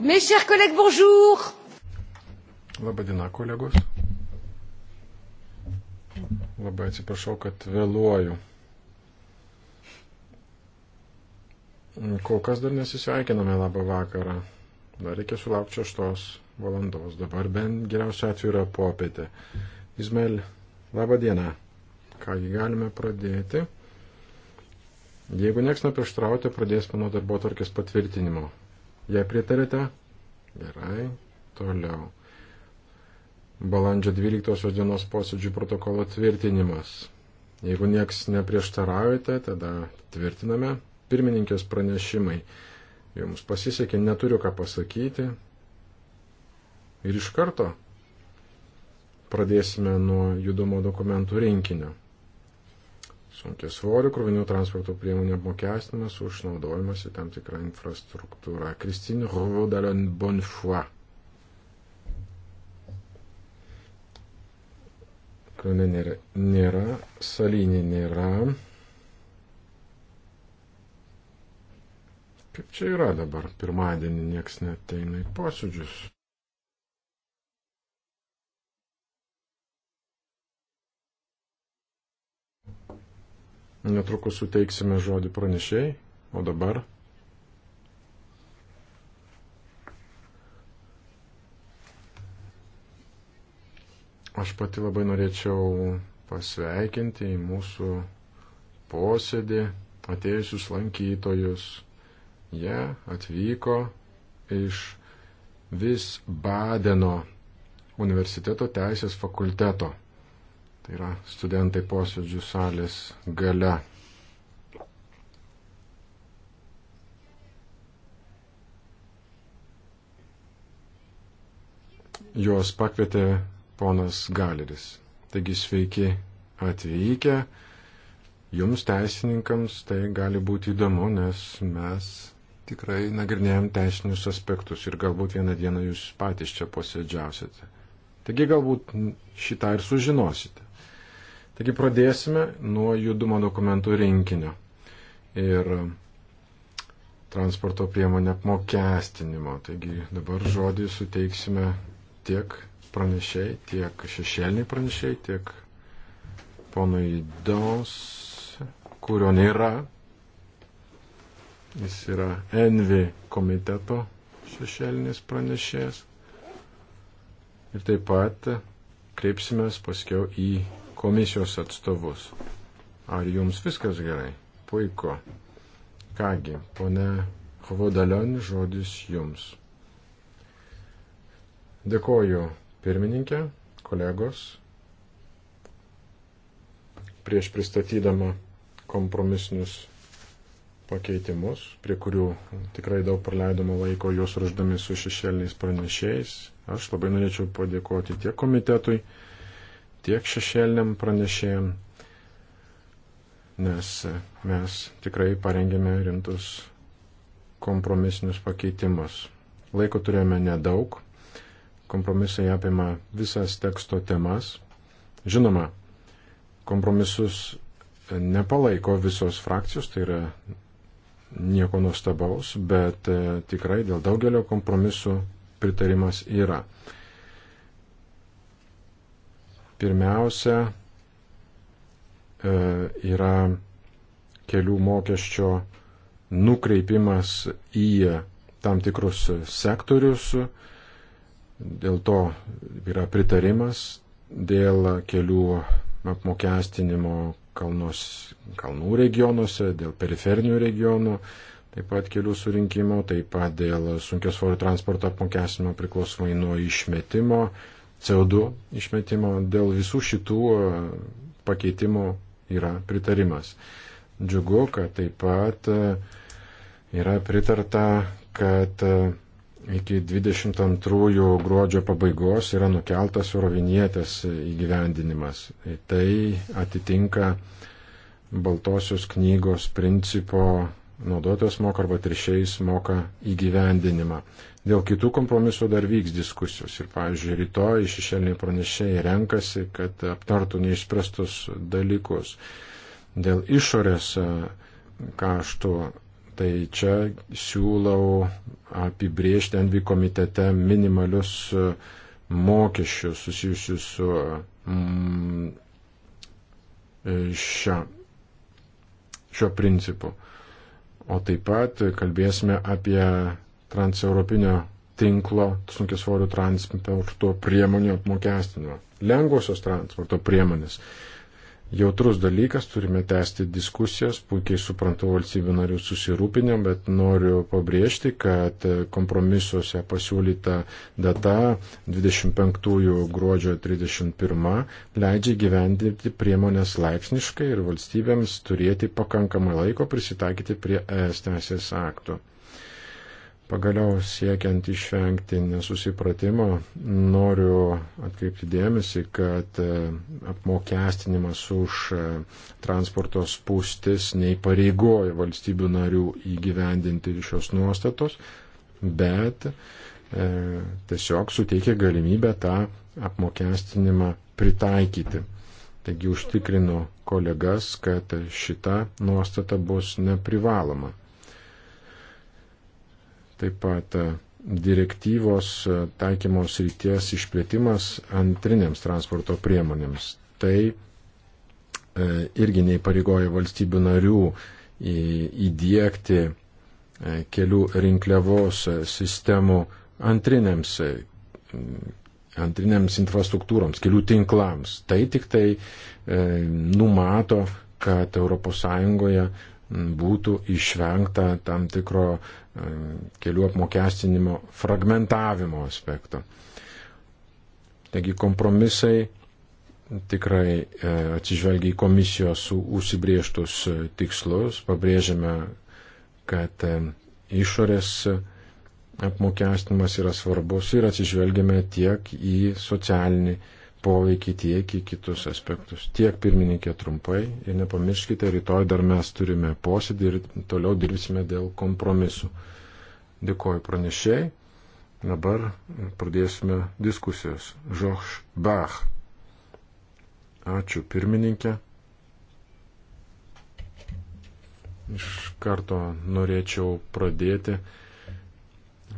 Mes chers collègues, bonjour. Labadiena, kolegos. Labai atsiprašau, kad vėluoju. Kol kas dar nesisveikiname labą vakarą. Dar reikia sulaukti šeštos valandos dabar, bent geriausiu atveju yra popietė. Izmail, laba diena. Kągi galime pradėti. Jeigu nieks neprieštrautė, pradėsime nuo darbo tvarkės patvirtinimo. Jei pritarėte, gerai, toliau. Balandžio 12 dienos posėdžių protokolo tvirtinimas. Jeigu nieks neprieštaraujate, tada tvirtiname. Pirmininkės pranešimai. Jums pasisekė, neturiu ką pasakyti, ir iš karto pradėsime nuo judumo dokumentų rinkinio. Sunkia svorių krovinių transporto priemonių apmokestinimas už naudojimas į tam tikrą infrastruktūrą. Kristin Rodalen Bonfoy. Krone nėra, nėra, salinė nėra. Kaip čia yra dabar? Pirmadienį nieks neteina į posėdžius. Netrukus suteiksime žodį pranešėjai, o dabar. Aš pati labai norėčiau pasveikinti į mūsų posėdį atėjusius lankytojus. Jie atvyko iš Visbadeno universiteto teisės fakulteto. Tai yra studentai posėdžių salės gale. Juos pakvietė ponas Galeris. Taigi sveiki atvykę. Jums teisininkams tai gali būti įdomu, nes mes tikrai nagrinėjom teisinius aspektus ir galbūt vieną dieną jūs patys čia posėdžiausite. Taigi galbūt šitą ir sužinosite. Taigi pradėsime nuo judumo dokumentų rinkinio ir transporto priemonę apmokestinimo. Taigi dabar žodį suteiksime tiek pranešiai, tiek šešėliniai pranešiai, tiek ponui Daus, kurio nėra. Jis yra Envi komiteto šešėlinis pranešėjas. Ir taip pat kreipsimės paskiau į komisijos atstovus. Ar jums viskas gerai? Puiku. Kągi, pone Hovodalion, žodis jums. Dėkoju pirmininkė, kolegos. Prieš pristatydama kompromisinius pakeitimus, prie kurių tikrai daug praleidome laiko juos raždami su šešėliniais pranešėjais, aš labai norėčiau padėkoti tiek komitetui, tiek šešėliniam pranešėjim, nes mes tikrai parengėme rimtus kompromisinius pakeitimus. Laiko turėjome nedaug, kompromisai apima visas teksto temas. Žinoma, kompromisus nepalaiko visos frakcijos, tai yra nieko nuostabaus, bet e, tikrai dėl daugelio kompromisų pritarimas yra. Pirmiausia, e, yra kelių mokesčio nukreipimas į tam tikrus sektorius, dėl to yra pritarimas dėl kelių apmokestinimo kalnos, kalnų regionuose, dėl periferinių regionų, taip pat kelių surinkimo, taip pat dėl sunkios svorio transporto apmokestinimo priklausomai nuo išmetimo, CO2 išmetimo. Dėl visų šitų e, pakeitimų yra pritarimas. Džiugu, kad taip pat e, yra pritarta, kad e, iki 22 gruodžio pabaigos yra nukeltas eurovinietės įgyvendinimas. Tai atitinka Baltosios knygos principo naudotojas moka arba trišiais moka įgyvendinimą. Dėl kitų kompromisų dar vyks diskusijos. Ir, pavyzdžiui, rytoj šešėliniai pranešėjai renkasi, kad aptartų neišspręstus dalykus. Dėl išorės e, kaštų, tai čia siūlau apibriežti NV komitete minimalius e, mokesčius susijusius su mm, e, šia, šiuo principu o taip pat kalbėsime apie transeuropinio tinklo sunkesvorių transporto priemonių apmokestinimą. Lengvosios transporto priemonės jautrus dalykas, turime tęsti diskusijas, puikiai suprantu valstybių narių susirūpinę, bet noriu pabrėžti, kad kompromisuose pasiūlyta data 25 gruodžio 31 leidžia gyvendinti priemonės laipsniškai ir valstybėms turėti pakankamai laiko prisitaikyti prie ES teisės aktų. Pagaliau siekiant išvengti nesusipratimo, noriu atkreipti dėmesį, kad e, apmokestinimas už e, transporto spūstis neįpareigoja valstybių narių įgyvendinti šios nuostatos, bet e, tiesiog suteikia galimybę tą apmokestinimą pritaikyti. Taigi užtikrinu kolegas, kad šita nuostata bus neprivaloma. Taip pat e, direktyvos e, taikymos ryties išplėtimas antrinėms transporto priemonėms. Tai e, irgi neįpareigoja valstybių narių įdėkti kelių rinkliavos sistemų antrinėms, antrinėms infrastruktūroms, kelių tinklams. Tai tik tai numato, kad ES būtų išvengta tam tikro e, kelių apmokestinimo fragmentavimo aspekto. Taigi kompromisai tikrai e, atsižvelgia į komisijos užsibrieštus e, tikslus, pabrėžiame, kad išorės apmokestinimas yra svarbus ir atsižvelgiame tiek į socialinį poveikį tiek į kitus aspektus. Tiek pirmininkė trumpai ir nepamirškite, rytoj dar mes turime posėdį ir toliau dirbsime dėl kompromisų. Dėkoju pranešėjai. Dabar pradėsime diskusijos. Žoš Bach. Ačiū pirmininkė. Iš karto norėčiau pradėti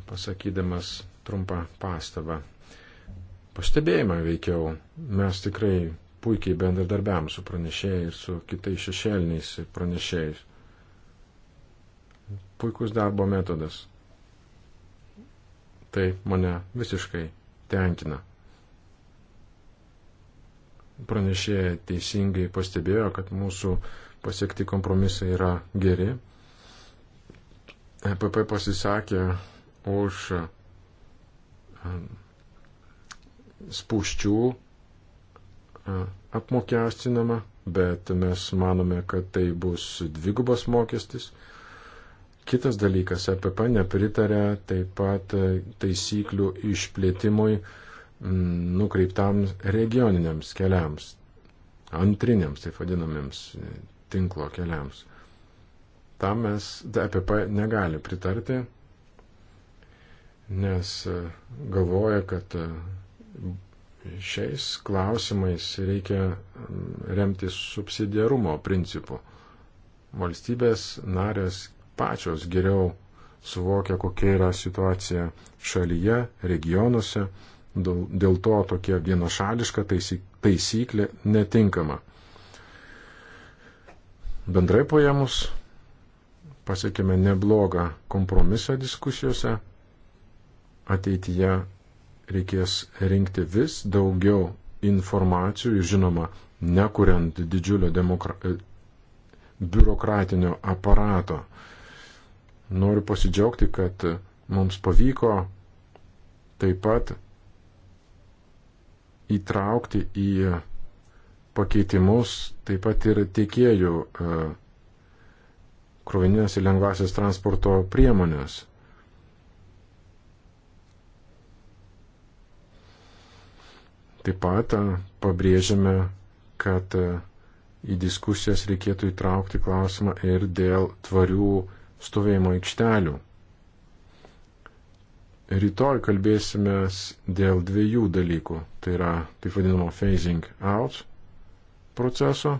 pasakydamas trumpą pastabą pastebėjimą veikiau. Mes tikrai puikiai bendradarbiavam su pranešėjai ir su kitais šešėliniais pranešėjais. Puikus darbo metodas. Tai mane visiškai tenkina. Pranešėjai teisingai pastebėjo, kad mūsų pasiekti kompromisai yra geri. EPP pasisakė už spūščių apmokestinama, bet mes manome, kad tai bus dvigubas mokestis. Kitas dalykas, EPP nepritarė taip pat e, taisyklių išplėtimui nukreiptam regioniniams keliams, antriniams, taip vadinamiems, e, tinklo keliams. Tam mes EPP negali pritarti, nes e, galvoja, kad šiais klausimais reikia mm, remtis subsidiarumo principu. Valstybės narės pačios geriau suvokia, kokia yra situacija šalyje, regionuose, dėl to tokia vienašališka taisyklė netinkama. Bendrai paėmus pasiekėme neblogą kompromisą diskusijose. Ateityje reikės rinkti vis daugiau informacijų ir žinoma, nekuriant didžiulio demokra... E, biurokratinio aparato. Noriu pasidžiaugti, kad mums pavyko taip pat įtraukti į pakeitimus taip pat ir tiekėjų e, krovininės ir lengvasis transporto priemonės. Taip pat pabrėžiame, kad į diskusijas reikėtų įtraukti klausimą ir dėl tvarių stovėjimo aikštelių. Rytoj kalbėsime dėl dviejų dalykų. Tai yra taip vadinamo phasing out proceso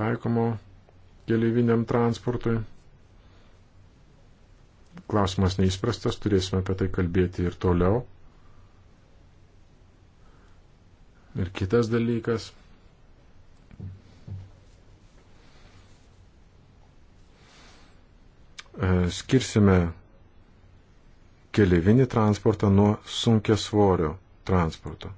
taikomo keleiviniam transportui. Klausimas neįspręstas, turėsime apie tai kalbėti ir toliau. Ir kitas dalykas. E, skirsime keliavinį transportą nuo sunkia svorio transporto.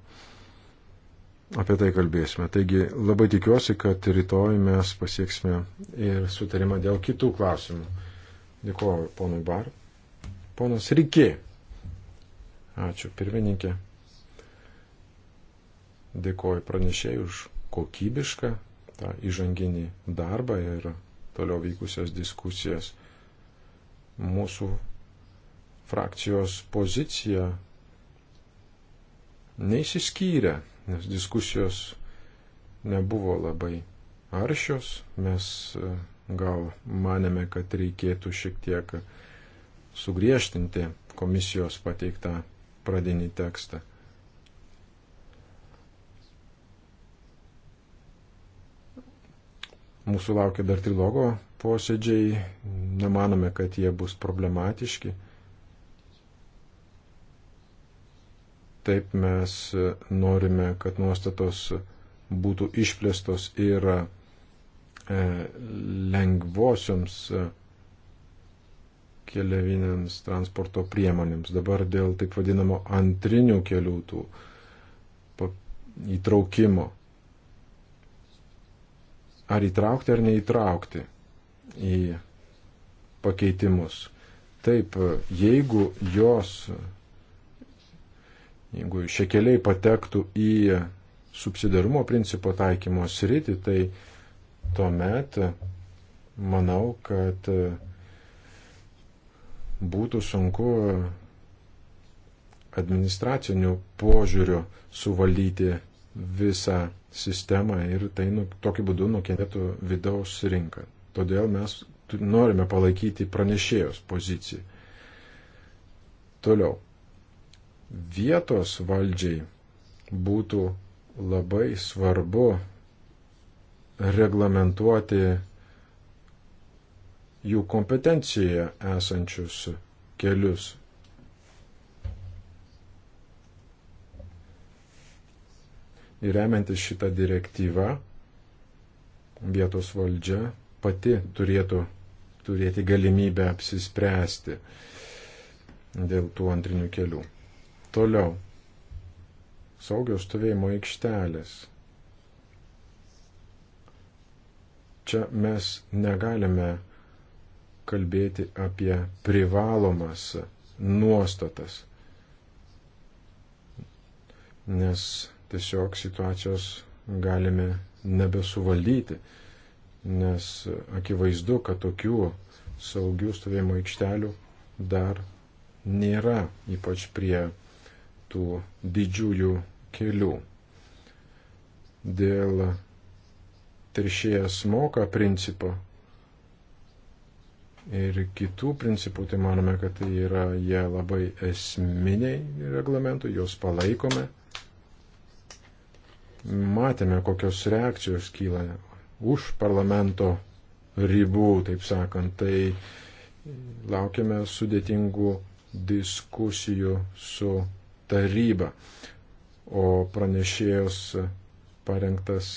Apie tai kalbėsime. Taigi labai tikiuosi, kad rytoj mes pasieksime ir sutarimą dėl kitų klausimų. Dėkuoju ponui Bar. Ponas Rikė. Ačiū, pirmininkė. Dėkoju pranešėjai už kokybišką tą įžanginį darbą ir toliau vykusias diskusijas. Mūsų frakcijos pozicija neįsiskyrė, nes diskusijos nebuvo labai aršios. Mes e, gal manėme, kad reikėtų šiek tiek sugriežtinti komisijos pateiktą pradinį tekstą. Mūsų laukia dar trilogo posėdžiai, nemanome, kad jie bus problematiški. Taip mes norime, kad nuostatos būtų išplėstos ir e, lengvosioms e, keliavinėms transporto priemonėms. Dabar dėl taip vadinamo antrinių kelių tų įtraukimo ar įtraukti ar neįtraukti į pakeitimus. Taip, jeigu jos, jeigu šie keliai patektų į subsidarumo principo taikymo sritį, tai tuomet manau, kad būtų sunku administracinių požiūrių suvaldyti visą sistemą ir tai nu, tokiu būdu nukentėtų vidaus rinka. Todėl mes norime palaikyti pranešėjos poziciją. Toliau. Vietos valdžiai būtų labai svarbu reglamentuoti jų kompetencijoje esančius kelius. Ir remiantis šitą direktyvą, vietos valdžia pati turėtų turėti galimybę apsispręsti dėl tų antrinių kelių. Toliau. Saugios stovėjimo aikštelės. Čia mes negalime kalbėti apie privalomas nuostatas, nes tiesiog situacijos galime nebesuvaldyti, nes akivaizdu, kad tokių saugių stovėjimo aikštelių dar nėra, ypač prie tų didžiųjų kelių. Dėl teršėjas moka principo ir kitų principų, tai manome, kad tai yra jie labai esminiai reglamentų, juos palaikome matėme, kokios reakcijos kyla už parlamento ribų, taip sakant. Tai laukiame sudėtingų diskusijų su taryba. O pranešėjos parengtas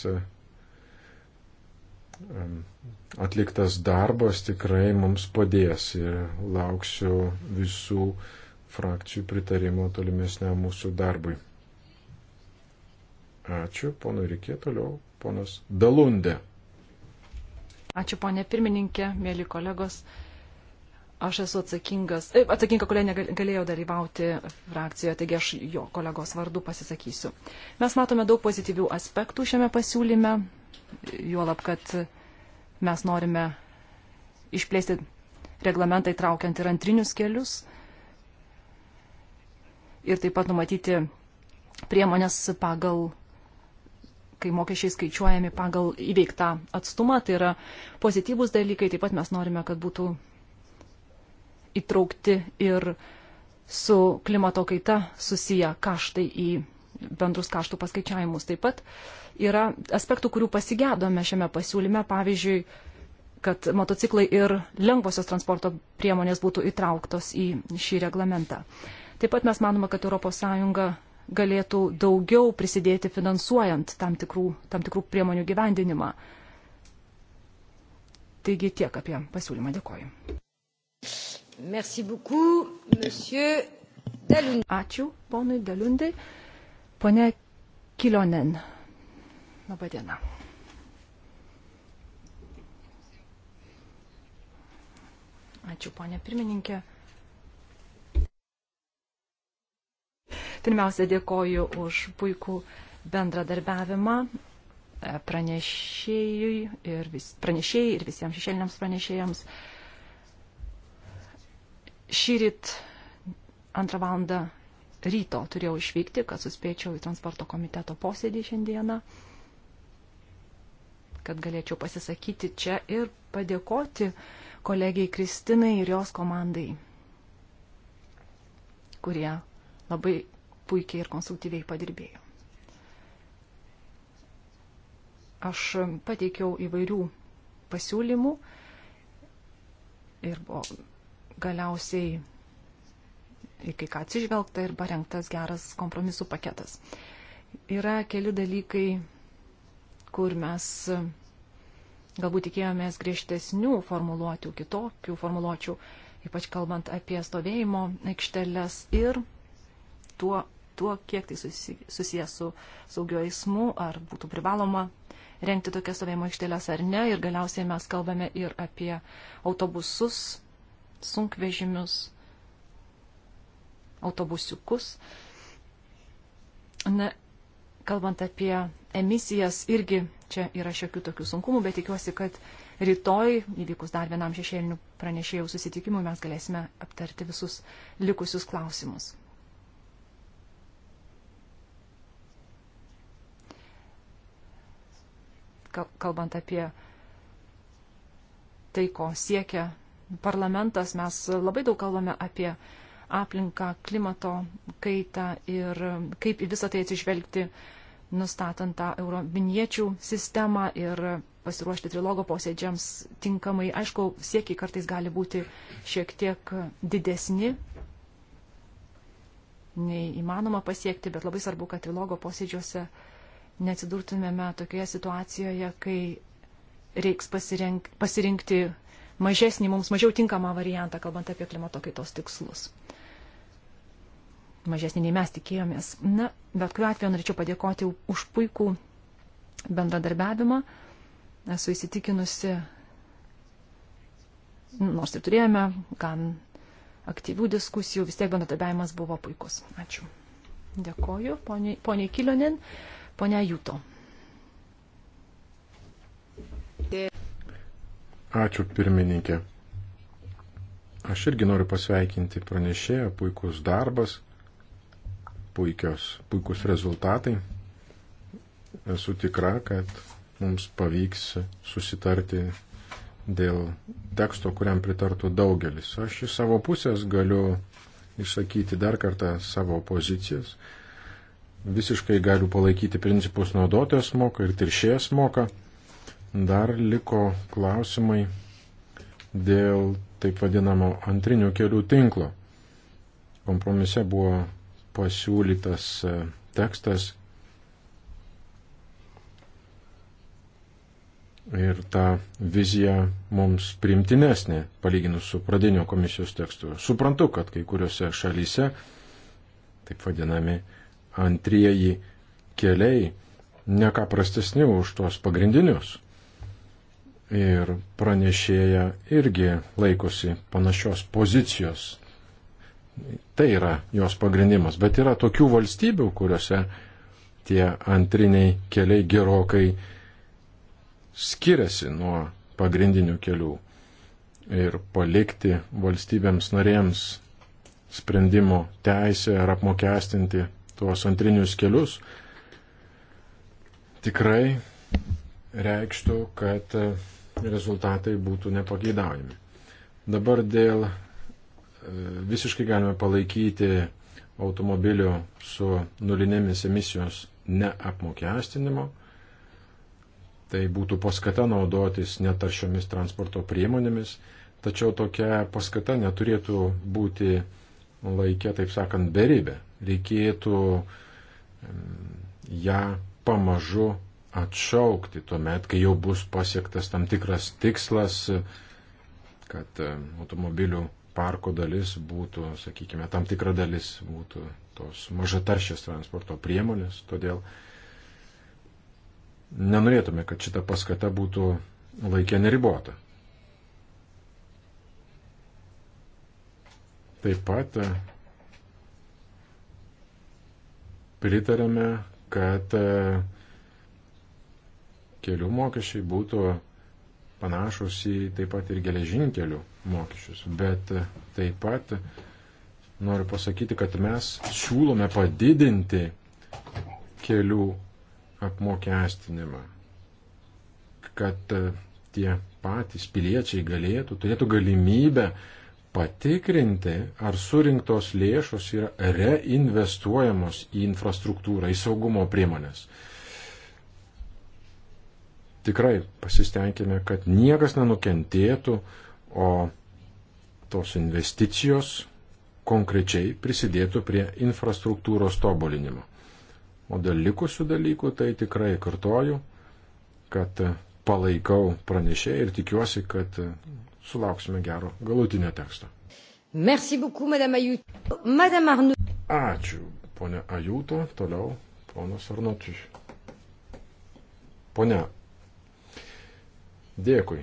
atliktas darbas tikrai mums padės ir lauksiu visų frakcijų pritarimo tolimesniam mūsų darbui. Ačiū, ponui Rikė, toliau ponas Dalundė. Ačiū, ponė pirmininkė, mėly kolegos. Aš esu atsakingas, e, atsakinga kolegė negalėjau dalyvauti frakcijoje, taigi aš jo kolegos vardu pasisakysiu. Mes matome daug pozityvių aspektų šiame pasiūlyme, juolab, kad mes norime išplėsti reglamentą įtraukiant ir antrinius kelius ir taip pat numatyti priemonės pagal kai mokesčiai skaičiuojami pagal įveiktą atstumą, tai yra pozityvūs dalykai, taip pat mes norime, kad būtų įtraukti ir su klimato kaita susiję kaštai į bendrus kaštų paskaičiavimus. Taip pat yra aspektų, kurių pasigėdome šiame pasiūlyme, pavyzdžiui, kad motociklai ir lengvosios transporto priemonės būtų įtrauktos į šį reglamentą. Taip pat mes manome, kad ES galėtų daugiau prisidėti finansuojant tam tikrų, tam tikrų priemonių gyvendinimą. Taigi tiek apie pasiūlymą. Dėkoju. Merci beaucoup, monsieur Dalundai. Ačiū, ponui Dalundai. Pone Kilionen. Labadiena. Ačiū, ponė pirmininkė. Pirmiausia, dėkoju už puikų bendradarbiavimą e, pranešėjui ir, vis, pranešėjai ir visiems šešėliniams pranešėjams. Šyrit antrą valandą ryto turėjau išvykti, kad suspėčiau į transporto komiteto posėdį šiandieną, kad galėčiau pasisakyti čia ir padėkoti kolegijai Kristinai ir jos komandai, kurie labai puikiai ir konsultyviai padirbėjo. Aš pateikiau įvairių pasiūlymų ir buvo galiausiai į kai ką atsižvelgta ir parengtas geras kompromisų paketas. Yra keli dalykai, kur mes galbūt tikėjomės griežtesnių formuluotų, kitokių formuluočių, ypač kalbant apie stovėjimo aikšteles ir tuo, tuo kiek tai susijęs su saugiu eismu, ar būtų privaloma rengti tokias stovėjimo aikštelės ar ne. Ir galiausiai mes kalbame ir apie autobusus, sunkvežimius, autobusiukus. Na, kalbant apie emisijas, irgi čia yra šiokių tokių sunkumų, bet tikiuosi, kad rytoj, įvykus dar vienam šešėlinių pranešėjų susitikimui, mes galėsime aptarti visus likusius klausimus. kalbant apie tai, ko siekia parlamentas, mes labai daug kalbame apie aplinką, klimato kaitą ir kaip į visą tai atsižvelgti, nustatant tą euroviniečių sistemą ir pasiruošti trilogo posėdžiams tinkamai. Aišku, siekiai kartais gali būti šiek tiek didesni nei įmanoma pasiekti, bet labai svarbu, kad trilogo posėdžiuose uh, neatsidurtumėme tokioje situacijoje, kai reiks pasirink, pasirinkti mažesnį, mums mažiau tinkamą variantą, kalbant apie klimato kaitos tikslus. Mažesnį nei mes tikėjomės. Na, bet kuriuo atveju norėčiau padėkoti už puikų bendradarbiavimą. Esu įsitikinusi, nors ir turėjome gan aktyvių diskusijų, vis tiek bendradarbiavimas buvo puikus. Ačiū. Dėkoju, poniai Kilionin. Pone Jūto. Ačiū pirmininkė. Aš irgi noriu pasveikinti pranešėją, puikus darbas, puikios, puikus rezultatai. Esu tikra, kad mums pavyks susitarti dėl teksto, kuriam pritartų daugelis. Aš iš savo pusės galiu išsakyti dar kartą savo pozicijas visiškai galiu palaikyti principus naudotojas moka ir tiršėjas moka. Dar liko klausimai dėl taip vadinamo antrinių kelių tinklo. Kompromise buvo pasiūlytas e, tekstas ir ta vizija mums primtinesnė, palyginus su pradinio komisijos tekstu. Suprantu, kad kai kuriuose šalyse, taip vadinami, antrieji keliai neką prastesni už tuos pagrindinius. Ir pranešėja irgi laikosi panašios pozicijos. Tai yra jos pagrindimas. Bet yra tokių valstybių, kuriuose tie antriniai keliai gerokai skiriasi nuo pagrindinių kelių. Ir palikti valstybėms narėms sprendimo teisę ar apmokestinti tuos antrinius kelius, tikrai reikštų, kad e, rezultatai būtų nepageidaujami. Dabar dėl e, visiškai galime palaikyti automobilių su nulinėmis emisijos neapmokestinimo. Tai būtų paskata naudotis netaršiomis transporto priemonėmis, tačiau tokia paskata neturėtų būti laikė, taip sakant, beribė reikėtų ją pamažu atšaukti tuomet, kai jau bus pasiektas tam tikras tikslas, kad e, automobilių parko dalis būtų, sakykime, tam tikra dalis būtų tos mažataršės transporto priemonės. Todėl nenorėtume, kad šita paskata būtų laikė neribota. Taip pat e, pritarėme, kad e, kelių mokesčiai būtų panašus į taip pat ir geležinkelių mokesčius. Bet e, taip pat noriu pasakyti, kad mes siūlome padidinti kelių apmokestinimą, kad e, tie patys piliečiai galėtų, turėtų galimybę uh, patikrinti, ar surinktos lėšos yra reinvestuojamos į infrastruktūrą, į saugumo priemonės. Tikrai pasistengime, kad niekas nenukentėtų, o tos investicijos konkrečiai prisidėtų prie infrastruktūros tobulinimo. O dėl likusių dalykų tai tikrai kartoju, kad palaikau pranešėją ir tikiuosi, kad sulauksime gero galutinio teksto. Merci beaucoup, Madame Ajuto. Madame Arnaud. Ačiū, ponia Ajuto. Toliau, ponas Arnočius. Pone, dėkui.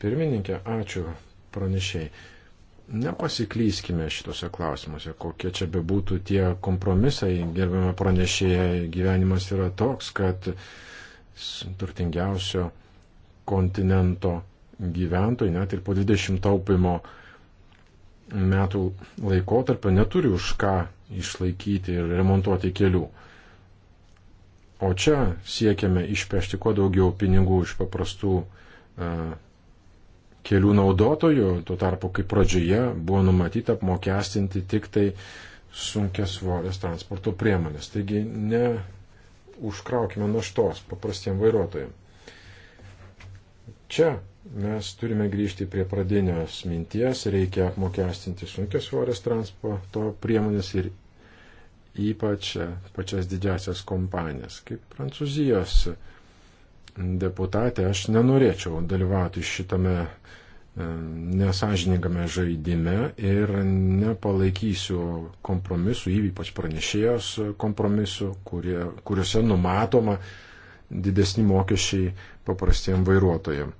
Pirmininkė, ačiū pranešėjai. Nepasiklyskime šitose klausimuose, kokie čia bebūtų tie kompromisai, gerbiame pranešėjai, gyvenimas yra toks, kad turtingiausio kontinento gyventojai net ir po 20 taupimo metų laikotarpio neturi už ką išlaikyti ir remontuoti kelių. O čia siekiame išpešti kuo daugiau pinigų iš paprastų e, kelių naudotojų, tuo tarpu kaip pradžioje buvo numatyta apmokestinti tik tai sunkias svorės transporto priemonės. Taigi ne užkraukime naštos paprastiem vairuotojim. Čia mes turime grįžti prie pradinės minties, reikia apmokestinti sunkios svorės transporto priemonės ir ypač pačias didžiasias kompanijas. Kaip Prancūzijos deputatė, aš nenorėčiau dalyvauti šitame e, nesažiningame žaidime ir nepalaikysiu kompromisų, ypač pranešėjos kompromisų, kurie, kuriuose numatoma didesni mokesčiai paprastiem vairuotojam.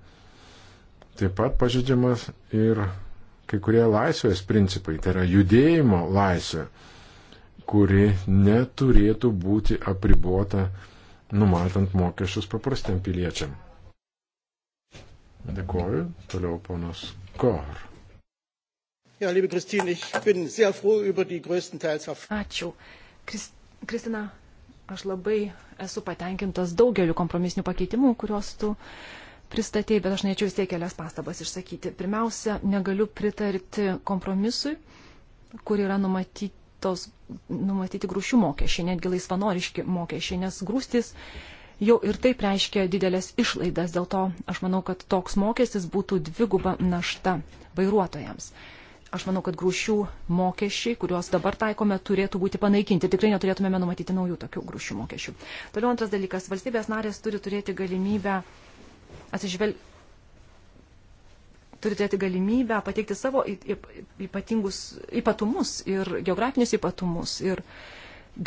Taip pat pažydžiamas ir kai kurie laisvės principai, tai yra judėjimo laisvė, kuri neturėtų būti apribota numatant mokesčius paprastam piliečiam. Dėkoju. Toliau ponas Kor. Ja, liebe Christine, ich bin sehr froh über die größtenteils auf. Ačiū. Krist, Kristina, aš labai esu patenkintas daugeliu kompromisinių pakeitimų, kuriuos tu uh, pristatėjai, bet aš norėčiau vis tiek kelias pastabas išsakyti. Pirmiausia, negaliu pritarti kompromisui, kur yra numatytos, numatyti grūšių mokesčiai, netgi laisvanoriški mokesčiai, nes grūstis jau ir taip reiškia didelės išlaidas, dėl to aš manau, kad toks mokestis būtų dviguba našta vairuotojams. Aš manau, kad grūšių mokesčiai, kuriuos dabar taikome, turėtų būti panaikinti. Tikrai neturėtumėme numatyti naujų tokių grūšių mokesčių. Toliau antras dalykas. Valstybės narės turi turėti galimybę atsižvelg... turi turėti galimybę pateikti savo ypatingus ypatumus ir geografinius ypatumus. Ir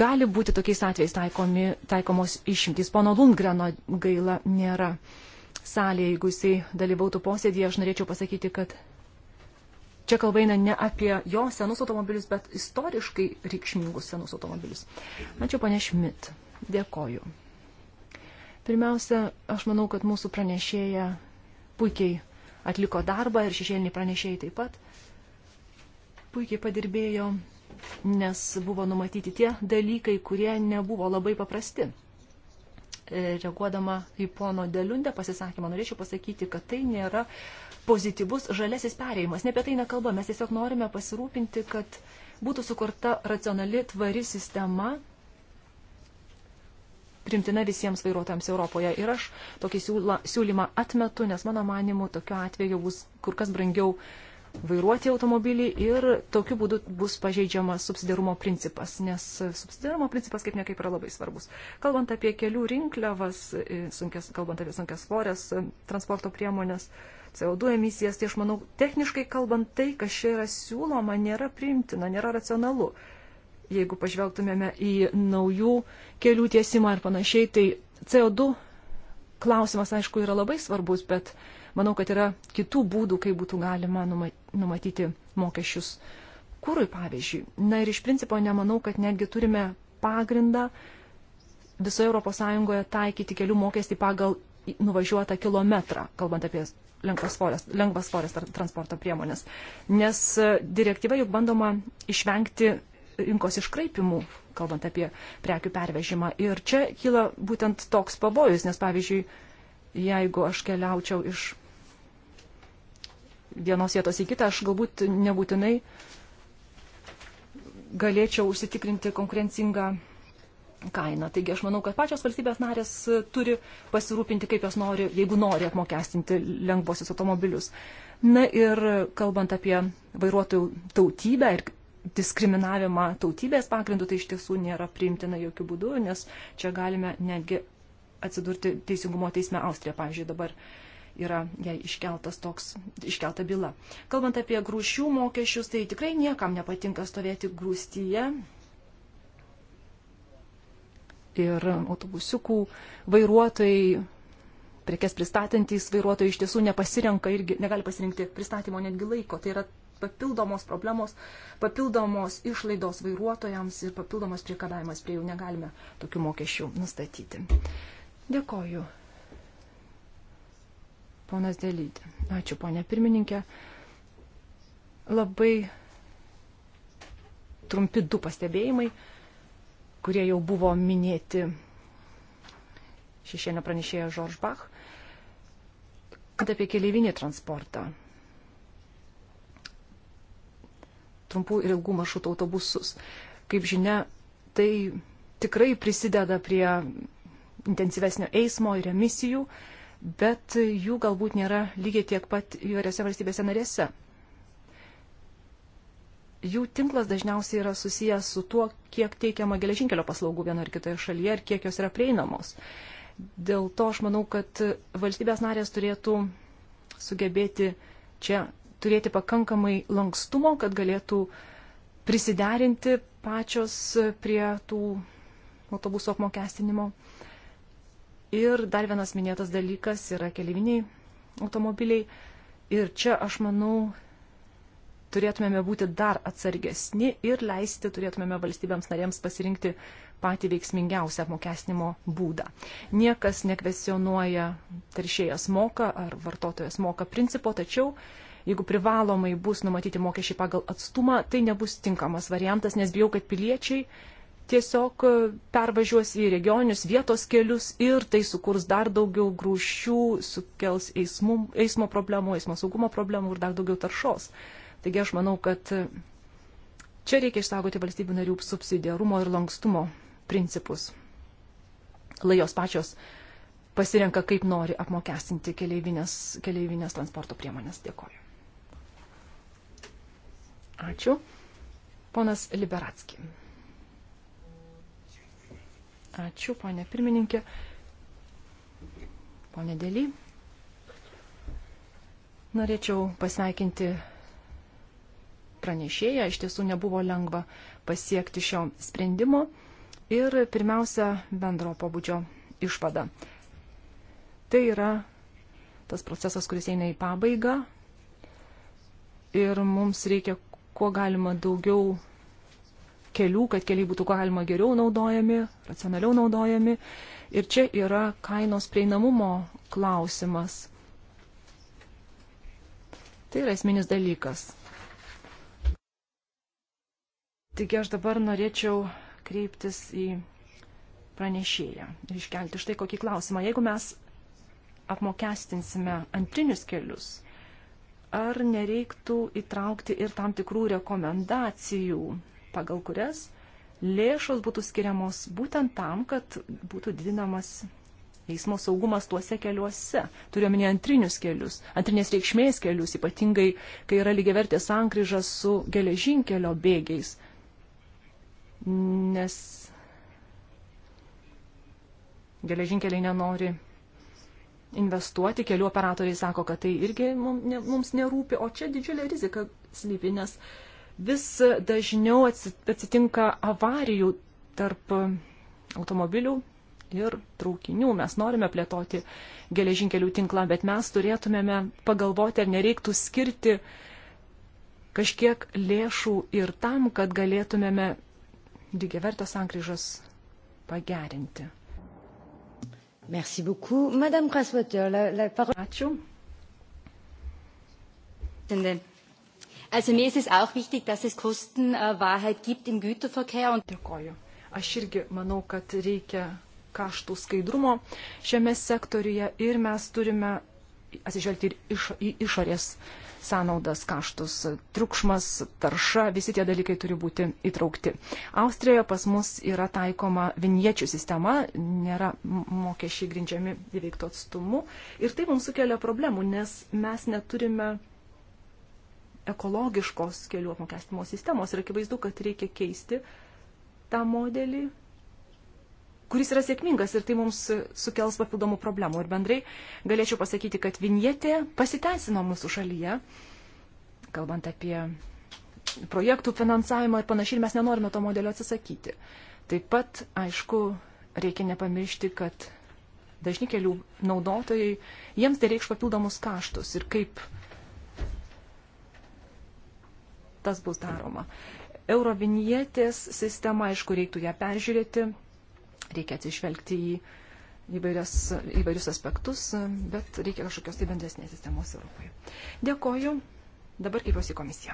gali būti tokiais atvejais taikomi, taikomos išimtys. Pono Lundgreno gaila nėra salėje, jeigu jisai dalyvautų posėdėje, aš norėčiau pasakyti, kad čia kalba eina ne apie jo senus automobilius, bet istoriškai reikšmingus senus automobilius. Ačiū, ponė Šmit. Dėkoju. Pirmiausia, aš manau, kad mūsų pranešėja puikiai atliko darbą ir šešėliniai pranešėjai taip pat puikiai padirbėjo, nes buvo numatyti tie dalykai, kurie nebuvo labai paprasti. E, reaguodama į pono Deliundę pasisakymą, norėčiau pasakyti, kad tai nėra pozityvus žalesis perėjimas. Ne apie tai nekalba, mes tiesiog norime pasirūpinti, kad būtų sukurta racionali, tvari sistema, primtina visiems vairuotojams Europoje. Ir aš tokį siūla, siūlymą atmetu, nes mano manimu tokiu atveju bus kur kas brangiau vairuoti automobilį ir tokiu būdu bus pažeidžiamas subsidiarumo principas, nes subsidiarumo principas kaip nekaip yra labai svarbus. Kalbant apie kelių rinkliavas, e, sunkės, kalbant apie sunkias svorės, e, transporto priemonės, CO2 emisijas, tai aš manau, techniškai kalbant, tai, kas čia yra siūloma, nėra primtina, nėra racionalu jeigu pažvelgtumėme į naujų kelių tiesimą ir panašiai, tai CO2 klausimas, aišku, yra labai svarbus, bet manau, kad yra kitų būdų, kaip būtų galima numatyti mokesčius kūrui, pavyzdžiui. Na ir iš principo nemanau, kad netgi turime pagrindą visoje ES taikyti kelių mokestį pagal nuvažiuotą kilometrą, kalbant apie lengvas svorės transporto priemonės. Nes direktyva juk bandoma išvengti rinkos iškraipimų, kalbant apie prekių pervežimą. Ir čia kyla būtent toks pavojus, nes pavyzdžiui, jeigu aš keliaučiau iš vienos vietos į kitą, aš galbūt nebūtinai galėčiau užsitikrinti konkurencingą kainą. Taigi aš manau, kad pačios valstybės narės turi pasirūpinti, kaip jos nori, jeigu nori apmokestinti lengvosius automobilius. Na ir kalbant apie vairuotojų tautybę ir diskriminavimą tautybės pagrindų, tai iš tiesų nėra priimtina jokių būdų, nes čia galime netgi atsidurti teisingumo teisme Austrija, pavyzdžiui, dabar yra jai iškeltas toks, iškelta byla. Kalbant apie grūšių mokesčius, tai tikrai niekam nepatinka stovėti grūstyje ir autobusiukų vairuotojai prekes pristatantys vairuotojai iš tiesų nepasirenka irgi, negali pasirinkti pristatymo netgi laiko. Tai yra papildomos problemos, papildomos išlaidos vairuotojams ir papildomas priekabėjimas prie jų negalime tokių mokesčių nustatyti. Dėkoju. Ponas Delytė. Ačiū, ponė pirmininkė. Labai trumpi du pastebėjimai, kurie jau buvo minėti šešienio pranešėjo Žoržbach, kad apie keleivinį transportą. trumpų ir ilgų maršrutų autobusus. Kaip žinia, tai tikrai prisideda prie intensyvesnio eismo ir emisijų, bet jų galbūt nėra lygiai tiek pat įvairiose valstybėse narėse. Jų tinklas dažniausiai yra susijęs su tuo, kiek teikiama geležinkelio paslaugų vienoje ar kitoje šalyje ir kiek jos yra prieinamos. Dėl to aš manau, kad valstybės narės turėtų sugebėti čia turėti pakankamai lankstumo, kad galėtų prisiderinti pačios prie tų autobusų apmokestinimo. Ir dar vienas minėtas dalykas yra keliaviniai automobiliai. Ir čia, aš manau, turėtumėme būti dar atsargesni ir leisti turėtumėme valstybėms narėms pasirinkti patį veiksmingiausią apmokestinimo būdą. Niekas nekvesionuoja teršėjas moka ar vartotojas moka principo, tačiau jeigu privalomai bus numatyti mokesčiai pagal atstumą, tai nebus tinkamas variantas, nes bijau, kad piliečiai tiesiog e, pervažiuos į regionius vietos kelius ir tai sukurs dar daugiau grūščių, sukels eismų, eismo problemų, eismo saugumo problemų ir dar daugiau taršos. Taigi aš manau, kad e, čia reikia išsaugoti valstybių narių subsidiarumo ir lankstumo principus. Lai jos pačios pasirenka, kaip nori apmokestinti keleivinės, keleivinės transporto priemonės. Dėkoju. Ačiū. Ponas Liberatski. Ačiū, ponė pirmininkė. Pone Dėly. Norėčiau pasveikinti pranešėją. Iš tiesų nebuvo lengva pasiekti šio sprendimo. Ir pirmiausia, bendro pobūdžio išvada. Tai yra tas procesas, kuris eina į pabaigą. Ir mums reikia kuo galima daugiau kelių, kad keliai būtų kuo galima geriau naudojami, racionaliau naudojami. Ir čia yra kainos prieinamumo klausimas. Tai yra esminis dalykas. Taigi aš dabar norėčiau kreiptis į pranešėją ir iškelti štai kokį klausimą. Jeigu mes apmokestinsime antrinius kelius, ar nereiktų įtraukti ir tam tikrų rekomendacijų, pagal kurias lėšos būtų skiriamos būtent tam, kad būtų didinamas eismo saugumas tuose keliuose. Turiuomenį antrinius kelius, antrinės reikšmės kelius, ypatingai, kai yra lygiavertė sankryža su geležinkelio bėgiais. Nes geležinkeliai nenori investuoti. Kelių operatoriai sako, kad tai irgi mums nerūpi, o čia didžiulė rizika slypi, nes vis dažniau atsitinka avarijų tarp automobilių ir traukinių. Mes norime plėtoti geležinkelių tinklą, bet mes turėtumėme pagalvoti, ar nereiktų skirti kažkiek lėšų ir tam, kad galėtumėme lygiavertės sankryžas pagerinti. Merci beaucoup. Madame Praswater, la, la parole. Ačiū. Also mir ist es auch wichtig, dass es Kostenwahrheit gibt im Güterverkehr und Dėkoju. Aš irgi manau, kad reikia kaštų skaidrumo šiame sektoriuje ir mes turime atsižvelgti ir iš, į išorės uh, sąnaudas, kaštus, triukšmas, tarša, visi tie dalykai turi būti įtraukti. Austrijoje pas mus yra taikoma viniečių sistema, nėra mokesčiai grindžiami įveiktų atstumu ir tai mums sukelia problemų, nes mes neturime ekologiškos kelių apmokestimo sistemos ir akivaizdu, kad reikia keisti tą modelį kuris yra sėkmingas ir tai mums sukels papildomų problemų. Ir bendrai galėčiau pasakyti, kad vinjetė pasiteisino mūsų šalyje, kalbant apie projektų finansavimą ir panašiai, ir mes nenorime to modelio atsisakyti. Taip pat, aišku, reikia nepamiršti, kad dažni kelių naudotojai, jiems tai reikš papildomus kaštus ir kaip tas bus daroma. Eurovinietės sistema, aišku, reiktų ją peržiūrėti, Reikia atsižvelgti į įvairias, įvairius aspektus, bet reikia kažkokios tai bendresnės sistemos Europoje. Dėkoju. Dabar kreipiuosi į komisiją.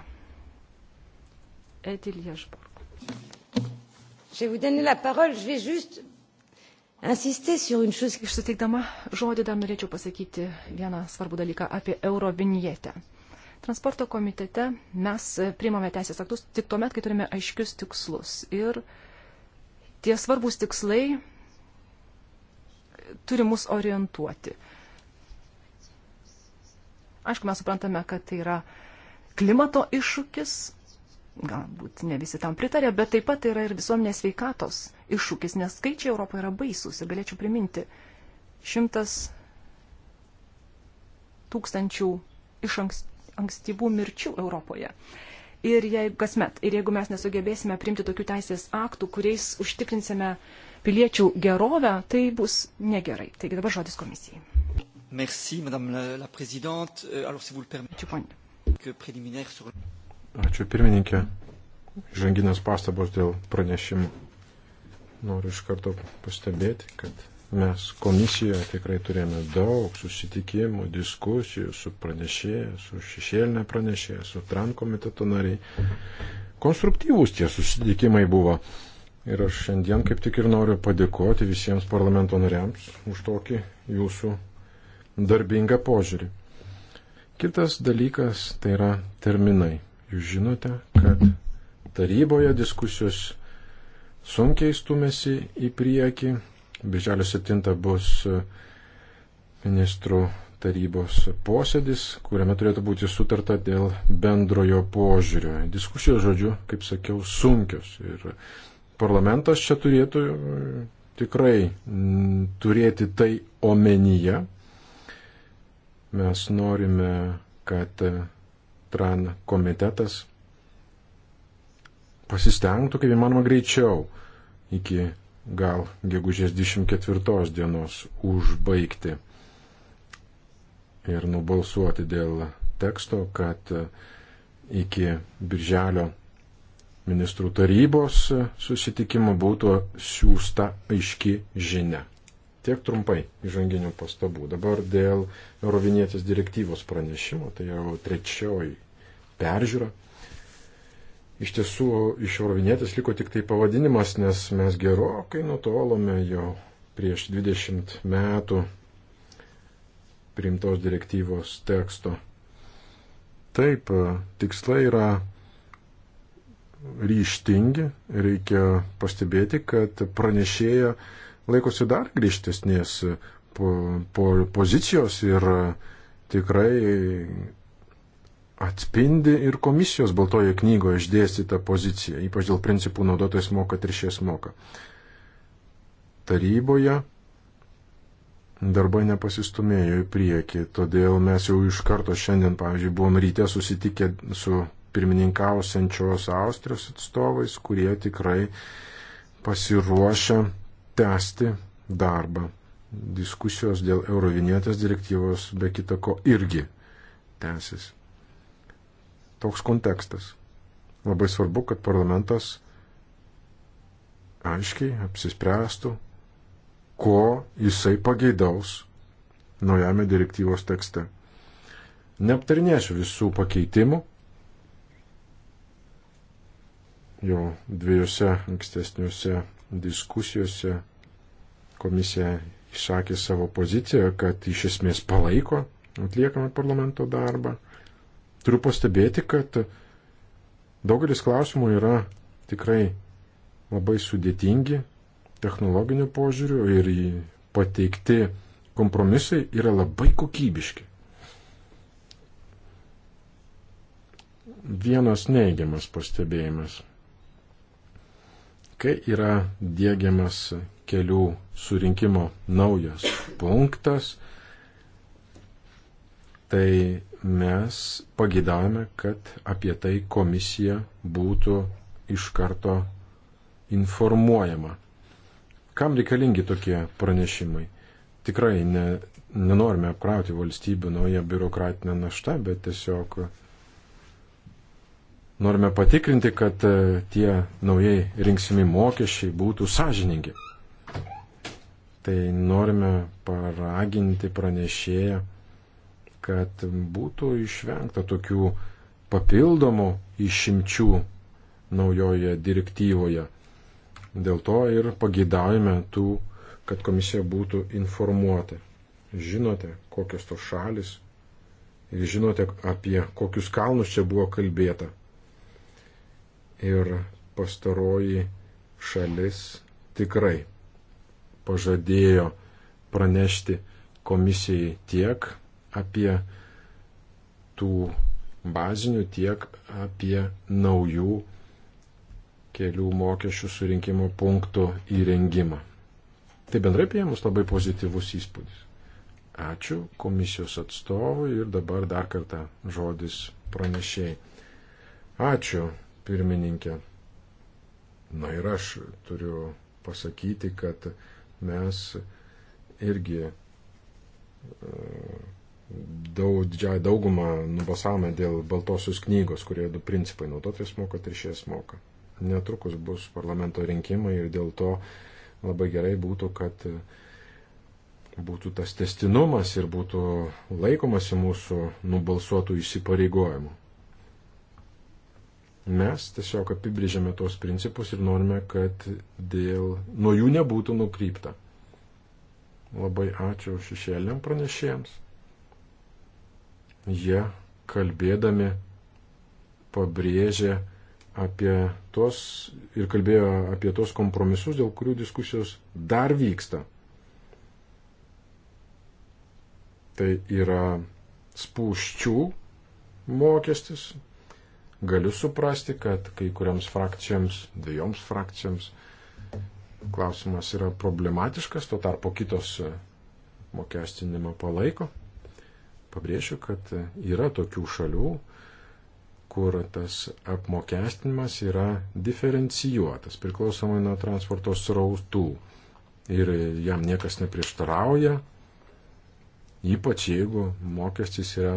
Eti Liežborg. Iš suteikdama žodį dar norėčiau pasakyti vieną svarbų dalyką apie eurovinietę. Transporto komitete mes priimame teisės aktus tik tuomet, kai turime aiškius tikslus ir uh, tie svarbus tikslai turi mus orientuoti. Aišku, mes suprantame, kad tai yra klimato iššūkis, galbūt ne visi tam pritarė, bet taip pat yra ir visuomenės veikatos iššūkis, nes skaičiai Europoje yra baisūs ir galėčiau priminti, šimtas tūkstančių iš ankstyvų mirčių Europoje ir jei, kasmet. Ir jeigu mes nesugebėsime priimti tokių teisės aktų, kuriais užtikrinsime piliečių gerovę, tai bus negerai. Taigi dabar žodis komisijai. Merci, madame la, la présidente. Euh, alors, si vous le permettez. Ačiū, ponė. Sur... Ačiū, pirmininkė. Žanginės pastabos dėl pranešimų. Noriu iš karto pastebėti, kad Mes komisijoje tikrai turėjome daug susitikimų, diskusijų su pranešėja, su šešėlinė pranešėja, su TRAN komiteto nariai. Konstruktyvūs tie susitikimai buvo. Ir aš šiandien kaip tik ir noriu padėkoti visiems parlamento nariams už tokį jūsų darbingą požiūrį. Kitas dalykas tai yra terminai. Jūs žinote, kad taryboje diskusijos sunkiai stumėsi į priekį, Birželio 7 bus e, ministrų tarybos posėdis, kuriame turėtų būti sutarta dėl bendrojo požiūrio. Diskusijos, žodžiu, kaip sakiau, sunkios. Ir parlamentas čia turėtų e, tikrai turėti tai omenyje. Mes norime, kad e, TRAN komitetas pasistengtų kaip įmanoma greičiau iki gal gegužės 24 dienos užbaigti ir nubalsuoti dėl teksto, kad e, iki birželio ministrų tarybos susitikimo būtų siūsta aiški žinia. Tiek trumpai įžanginių pastabų. Dabar dėl Eurovinėtės direktyvos pranešimo, tai jau trečioji peržiūra. Iš tiesų, iš Eurovinėtės liko tik tai pavadinimas, nes mes gerokai nutolome jau prieš 20 metų priimtos direktyvos teksto. Taip, tikslai yra ryštingi, reikia pastebėti, kad pranešėja laikosi dar grįžtesnės po, po pozicijos ir tikrai atspindi ir komisijos baltoje knygoje išdėstytą poziciją, ypač dėl principų naudotojas moka, teršėjas moka. Taryboje darbai nepasistumėjo į priekį, todėl mes jau iš karto šiandien, pavyzdžiui, buvom ryte susitikę su pirmininkausiančios Austrijos atstovais, kurie tikrai pasiruošę tęsti darbą. Diskusijos dėl Eurovinietės direktyvos be kitako irgi tęsis toks kontekstas. Labai svarbu, kad parlamentas aiškiai apsispręstų, ko jisai pageidaus naujame direktyvos tekste. Neaptarinėsiu visų pakeitimų. Jau dviejose ankstesniuose diskusijose komisija išsakė savo poziciją, kad iš esmės palaiko atliekamą parlamento darbą turiu pastebėti, kad daugelis klausimų yra tikrai labai sudėtingi technologiniu požiūriu ir pateikti kompromisai yra labai kokybiški. Vienas neigiamas pastebėjimas. Kai yra dėgiamas kelių surinkimo naujas punktas, tai mes pagidavome, kad apie tai komisija būtų iš karto informuojama. Kam reikalingi tokie pranešimai? Tikrai ne, nenorime apkrauti valstybių nauja biurokratinė našta, bet tiesiog norime patikrinti, kad e, tie naujai rinksimi mokesčiai būtų sąžiningi. Tai norime paraginti pranešėją kad būtų išvengta tokių papildomų išimčių naujoje direktyvoje. Dėl to ir pageidaujame tų, kad komisija būtų informuota. Žinote, kokios tos šalis ir žinote, apie kokius kalnus čia buvo kalbėta. Ir pastaroji šalis tikrai pažadėjo pranešti komisijai tiek, apie tų bazinių, tiek apie naujų kelių mokesčių surinkimo punktų įrengimą. Tai bendrai prieimus labai pozityvus įspūdis. Ačiū komisijos atstovui ir dabar dar kartą žodis pranešėjai. Ačiū pirmininkė. Na ir aš turiu pasakyti, kad mes irgi daug, didžiąją daugumą nubasavome dėl baltosios knygos, kurie du principai - naudotojas moka, teršėjas moka. Netrukus bus parlamento rinkimai ir dėl to labai gerai būtų, kad e, būtų tas testinumas ir būtų laikomasi mūsų nubalsuotų įsipareigojimų. Mes tiesiog apibrėžiame tos principus ir norime, kad dėl, nuo jų nebūtų nukrypta. Labai ačiū šešėliam pranešėjams jie kalbėdami pabrėžė apie tos ir kalbėjo apie tos kompromisus, dėl kurių diskusijos dar vyksta. Tai yra spūščių mokestis. Galiu suprasti, kad kai kuriams frakcijams, dviejoms frakcijams, klausimas yra problematiškas, tuo tarpu kitos mokestinimą palaiko. Pabrėšiu, kad yra tokių šalių, kur tas apmokestinimas yra diferencijuotas, priklausomai nuo transporto srautų. Ir jam niekas neprieštarauja, ypač jeigu mokestis yra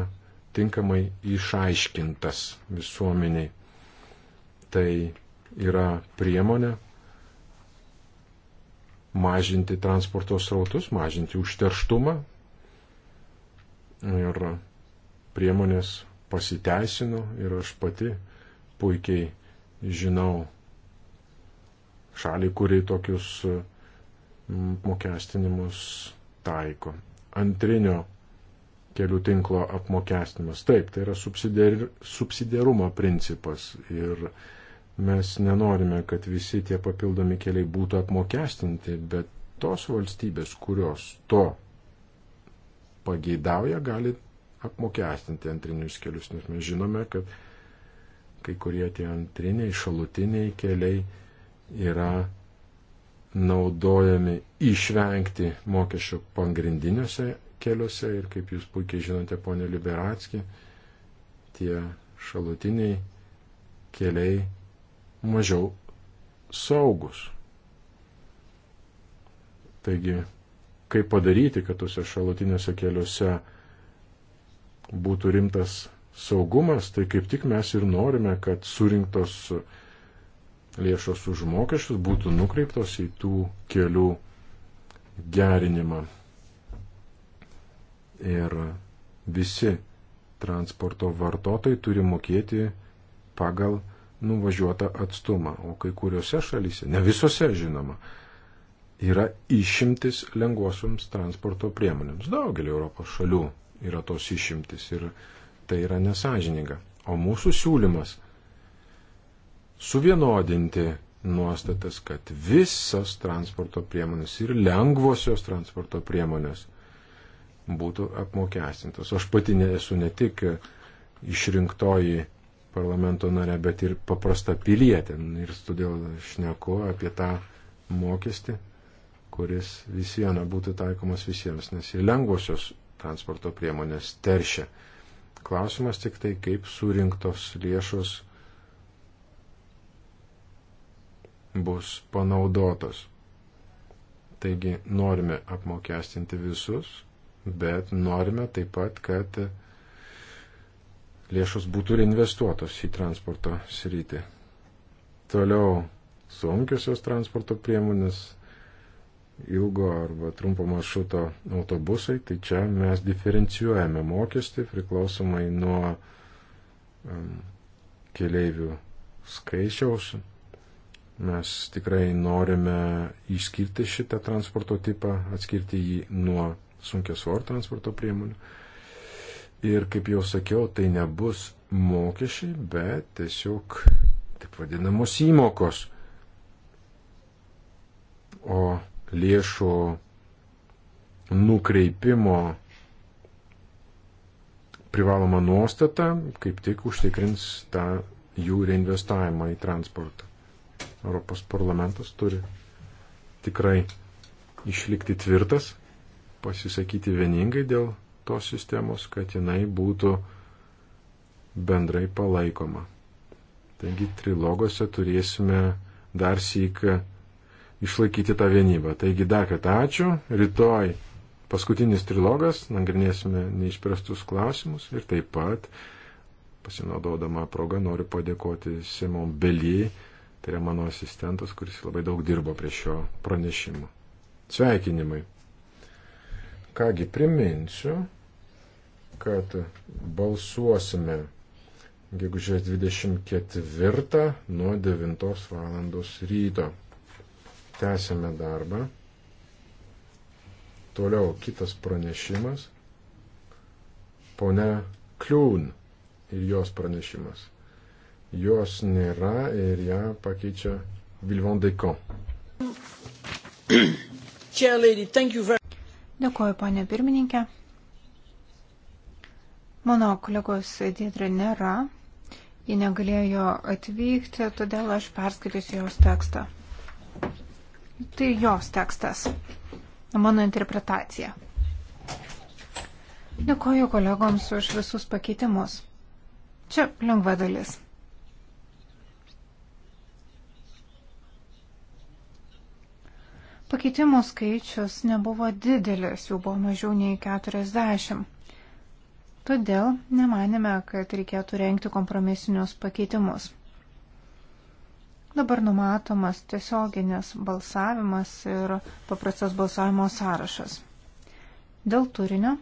tinkamai išaiškintas visuomeniai. Tai yra priemonė mažinti transporto srautus, mažinti užterštumą, Ir priemonės pasiteisino ir aš pati puikiai žinau šalį, kuri tokius mm, mokestinimus taiko. Antrinio kelių tinklo apmokestinimas. Taip, tai yra subsidiarumo principas ir mes nenorime, kad visi tie papildomi keliai būtų apmokestinti, bet tos valstybės, kurios to pageidauja, gali apmokestinti antrinius kelius, nes mes žinome, kad kai kurie tie antriniai, šalutiniai keliai yra naudojami išvengti mokesčių pagrindiniuose keliuose ir kaip jūs puikiai žinote, ponė Liberatski, tie šalutiniai keliai mažiau saugus. Taigi kaip padaryti, kad tuose šalutiniuose keliuose būtų rimtas saugumas, tai kaip tik mes ir norime, kad surinktos lėšos už mokesčius būtų nukreiptos į tų kelių gerinimą. Ir visi transporto vartotojai turi mokėti pagal nuvažiuotą atstumą, o kai kuriuose šalyse, ne visose žinoma, yra išimtis lengvosioms transporto priemonėms. Daugelį Europos šalių yra tos išimtis ir tai yra nesažininga. O mūsų siūlymas suvienodinti nuostatas, kad visas transporto priemonės ir lengvosios transporto priemonės būtų apmokestintos. Aš pati esu ne tik išrinktoji parlamento narė, bet ir paprasta pilietė. Ir todėl šneku apie tą mokestį, kuris vis viena būtų taikomas visiems, nes ir lengvosios transporto priemonės teršia. Klausimas tik tai, kaip surinktos lėšos bus panaudotos. Taigi norime apmokestinti visus, bet norime taip pat, kad lėšos būtų reinvestuotos į transporto sritį. Toliau sunkiosios transporto priemonės ilgo arba trumpo maršruto autobusai, tai čia mes diferencijuojame mokestį priklausomai nuo um, keleivių skaičiaus. Mes tikrai norime išskirti šitą transporto tipą, atskirti jį nuo sunkiasvorio transporto priemonių. Ir kaip jau sakiau, tai nebus mokesčiai, bet tiesiog taip vadinamos įmokos. O lėšų nukreipimo privaloma nuostata kaip tik užtikrins tą jų reinvestavimą į transportą. Europos parlamentas turi tikrai išlikti tvirtas, pasisakyti vieningai dėl tos sistemos, kad jinai būtų bendrai palaikoma. Taigi trilogose turėsime dar sįką išlaikyti tą vienybę. Taigi dar kartą ačiū. Rytoj paskutinis trilogas, nagrinėsime neišspręstus klausimus ir taip pat, pasinaudodama progą, noriu padėkoti Simon Belijai, tai yra mano asistentas, kuris labai daug dirbo prie šio pranešimo. Sveikinimai. Kągi priminsiu, kad balsuosime gegužės 24 nuo 9 val. ryto. Tęsime darbą. Toliau kitas pranešimas. Pone Kliūn ir jos pranešimas. Jos nėra ir ją pakeičia Vilvon Deikon. Dėkuoju, ponė pirmininkė. Mano kolegos Dietrė nėra. Ji negalėjo atvykti, todėl aš perskaitysiu jos tekstą. Tai jos tekstas, mano interpretacija. Dėkoju kolegoms už visus pakeitimus. Čia lengva dalis. Pakeitimų skaičius nebuvo didelis, jų buvo mažiau nei 40. Todėl nemanėme, kad reikėtų renkti kompromisinius pakeitimus. Dabar numatomas tiesioginis balsavimas ir paprastas balsavimo sąrašas. Dėl turinio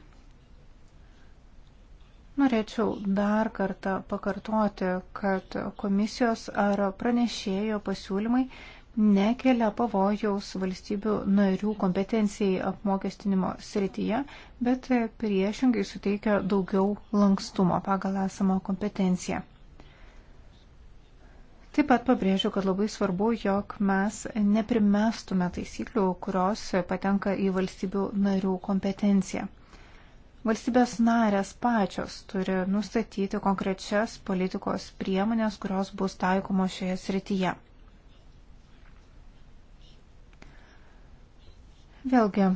norėčiau dar kartą pakartoti, kad komisijos ar pranešėjo pasiūlymai nekelia pavojaus valstybių narių kompetencijai apmokestinimo srityje, bet priešingai suteikia daugiau lankstumo pagal esamą kompetenciją. Taip pat pabrėžiu, kad labai svarbu, jog mes neprimestume taisyklių, kurios patenka į valstybių narių kompetenciją. Valstybės narės pačios turi nustatyti konkrečias politikos priemonės, kurios bus taikomos šioje srityje. Vėlgi,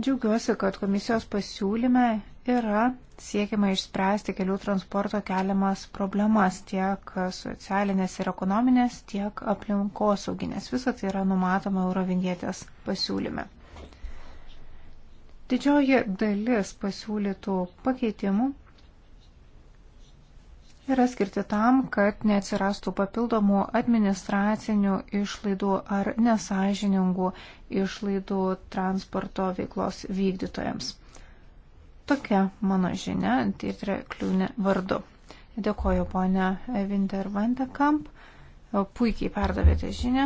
džiaugiuosi, kad komisijos pasiūlyme yra siekiama išspręsti kelių transporto keliamas problemas tiek socialinės ir ekonominės, tiek aplinkosauginės. Visą tai yra numatoma Eurovinietės pasiūlyme. Didžioji dalis pasiūlytų pakeitimų yra skirti tam, kad neatsirastų papildomų administracinių išlaidų ar nesažiningų išlaidų transporto veiklos vykdytojams. Tokia mano žinia, Dietrė Kliūnė vardu. Dėkoju, ponia Vinter Vandekamp. Puikiai perdavėte žinę.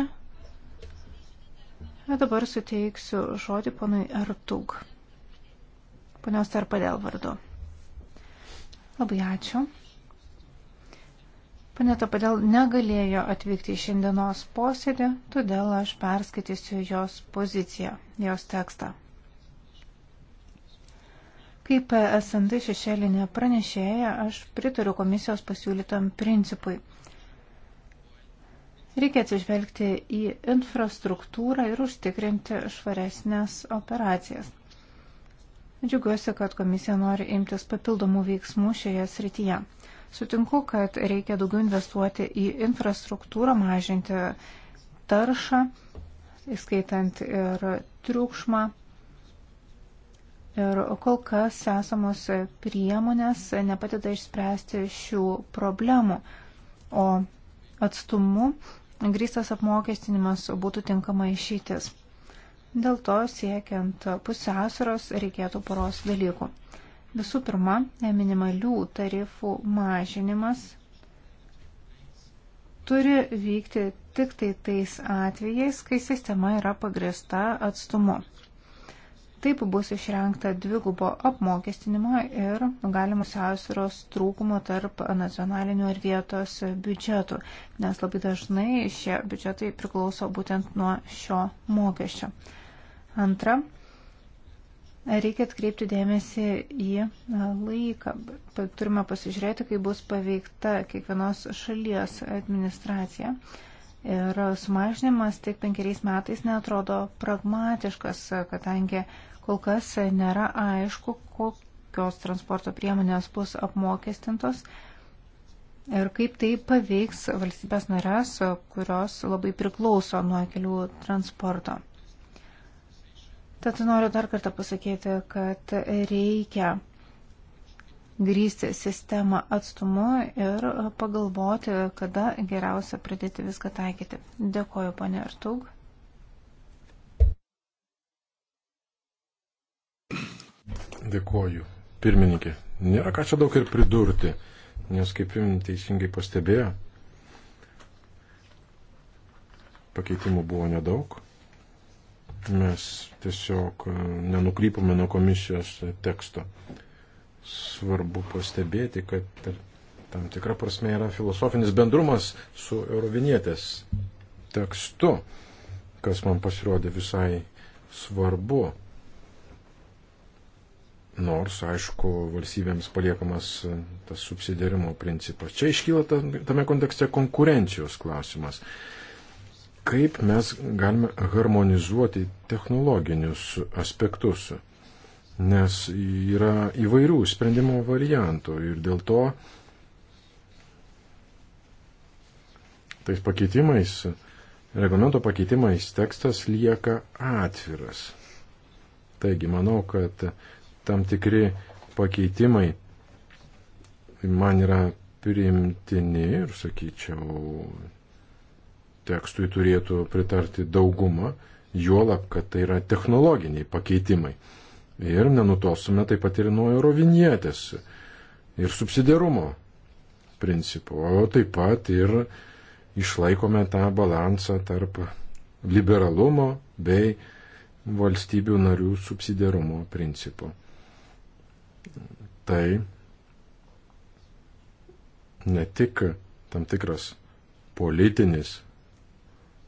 Dabar suteiksiu žodį ponui Artug. Ponios Tarpadėl vardu. Labai ačiū. Paneta Padėl negalėjo atvykti į šiandienos posėdį, todėl aš perskaitysiu jos poziciją, jos tekstą. Kaip SND šešėlinė pranešėja, aš pritariu komisijos pasiūlytam principui. Reikia atsižvelgti į infrastruktūrą ir užtikrinti švaresnės operacijas. Džiugiuosi, kad komisija nori imtis papildomų veiksmų šioje srityje. Sutinku, kad reikia daugiau investuoti į infrastruktūrą, mažinti taršą, įskaitant ir triukšmą Ir kol kas esamos priemonės nepadeda išspręsti šių problemų, o atstumu grįstas apmokestinimas būtų tinkama išytis. Dėl to siekiant pusiausvėros reikėtų poros dalykų. Visų pirma, minimalių tarifų mažinimas turi vykti tik tai tais atvejais, kai sistema yra pagrįsta atstumu. Taip bus išrengta dvigubo apmokestinimo ir galimus sąsiros trūkumo tarp nacionalinių ir vietos biudžetų, nes labai dažnai šie biudžetai priklauso būtent nuo šio mokesčio. Antra, reikia atkreipti dėmesį į laiką. Turime pasižiūrėti, kaip bus paveikta kiekvienos šalies administracija. Ir sumažinimas tik penkeriais metais netrodo pragmatiškas, kadangi kol kas nėra aišku, kokios transporto priemonės bus apmokestintos ir kaip tai paveiks valstybės narės, kurios labai priklauso nuo kelių transporto. Tad noriu dar kartą pasakyti, kad reikia grįsti sistemą atstumu ir pagalvoti, kada geriausia pradėti viską taikyti. Dėkoju, ponė Artug. Dėkoju. Pirmininkė, nėra ką čia daug ir pridurti, nes kaip jums teisingai pastebėjo, pakeitimų buvo nedaug. Mes tiesiog e, nenukrypome nuo komisijos teksto svarbu pastebėti, kad tam tikra prasme yra filosofinis bendrumas su Eurovinietės tekstu, kas man pasirodė visai svarbu. Nors, aišku, valstybėms paliekamas tas subsidiarimo principas. Čia iškyla tame kontekste konkurencijos klausimas. Kaip mes galime harmonizuoti technologinius aspektus nes yra įvairių sprendimo variantų ir dėl to tais pakeitimais, reglamento pakeitimais tekstas lieka atviras. Taigi manau, kad tam tikri pakeitimai man yra priimtini ir, sakyčiau, tekstui turėtų pritarti dauguma, juolab, kad tai yra technologiniai pakeitimai ir nenutosime taip pat ir nuo eurovinietės ir subsidiarumo principų, o taip pat ir išlaikome tą balansą tarp liberalumo bei valstybių narių subsidiarumo principų. Tai ne tik tam tikras politinis,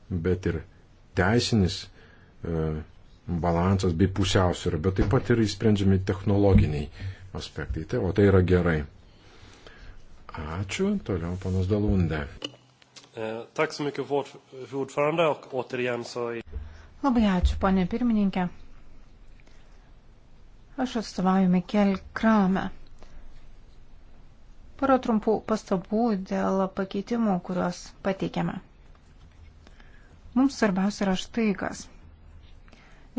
bet ir teisinis e, balansas bei pusiausvyrą, bet taip pat ir įsprendžiami technologiniai aspektai. Tai, o tai yra gerai. Ačiū. Toliau panas Dalundė. E, Labai ačiū, ponė pirmininkė. Aš atstovauju Mikel Kramę. Paro trumpų pastabų dėl pakeitimų, kuriuos pateikėme. Mums svarbiausia yra štai kas.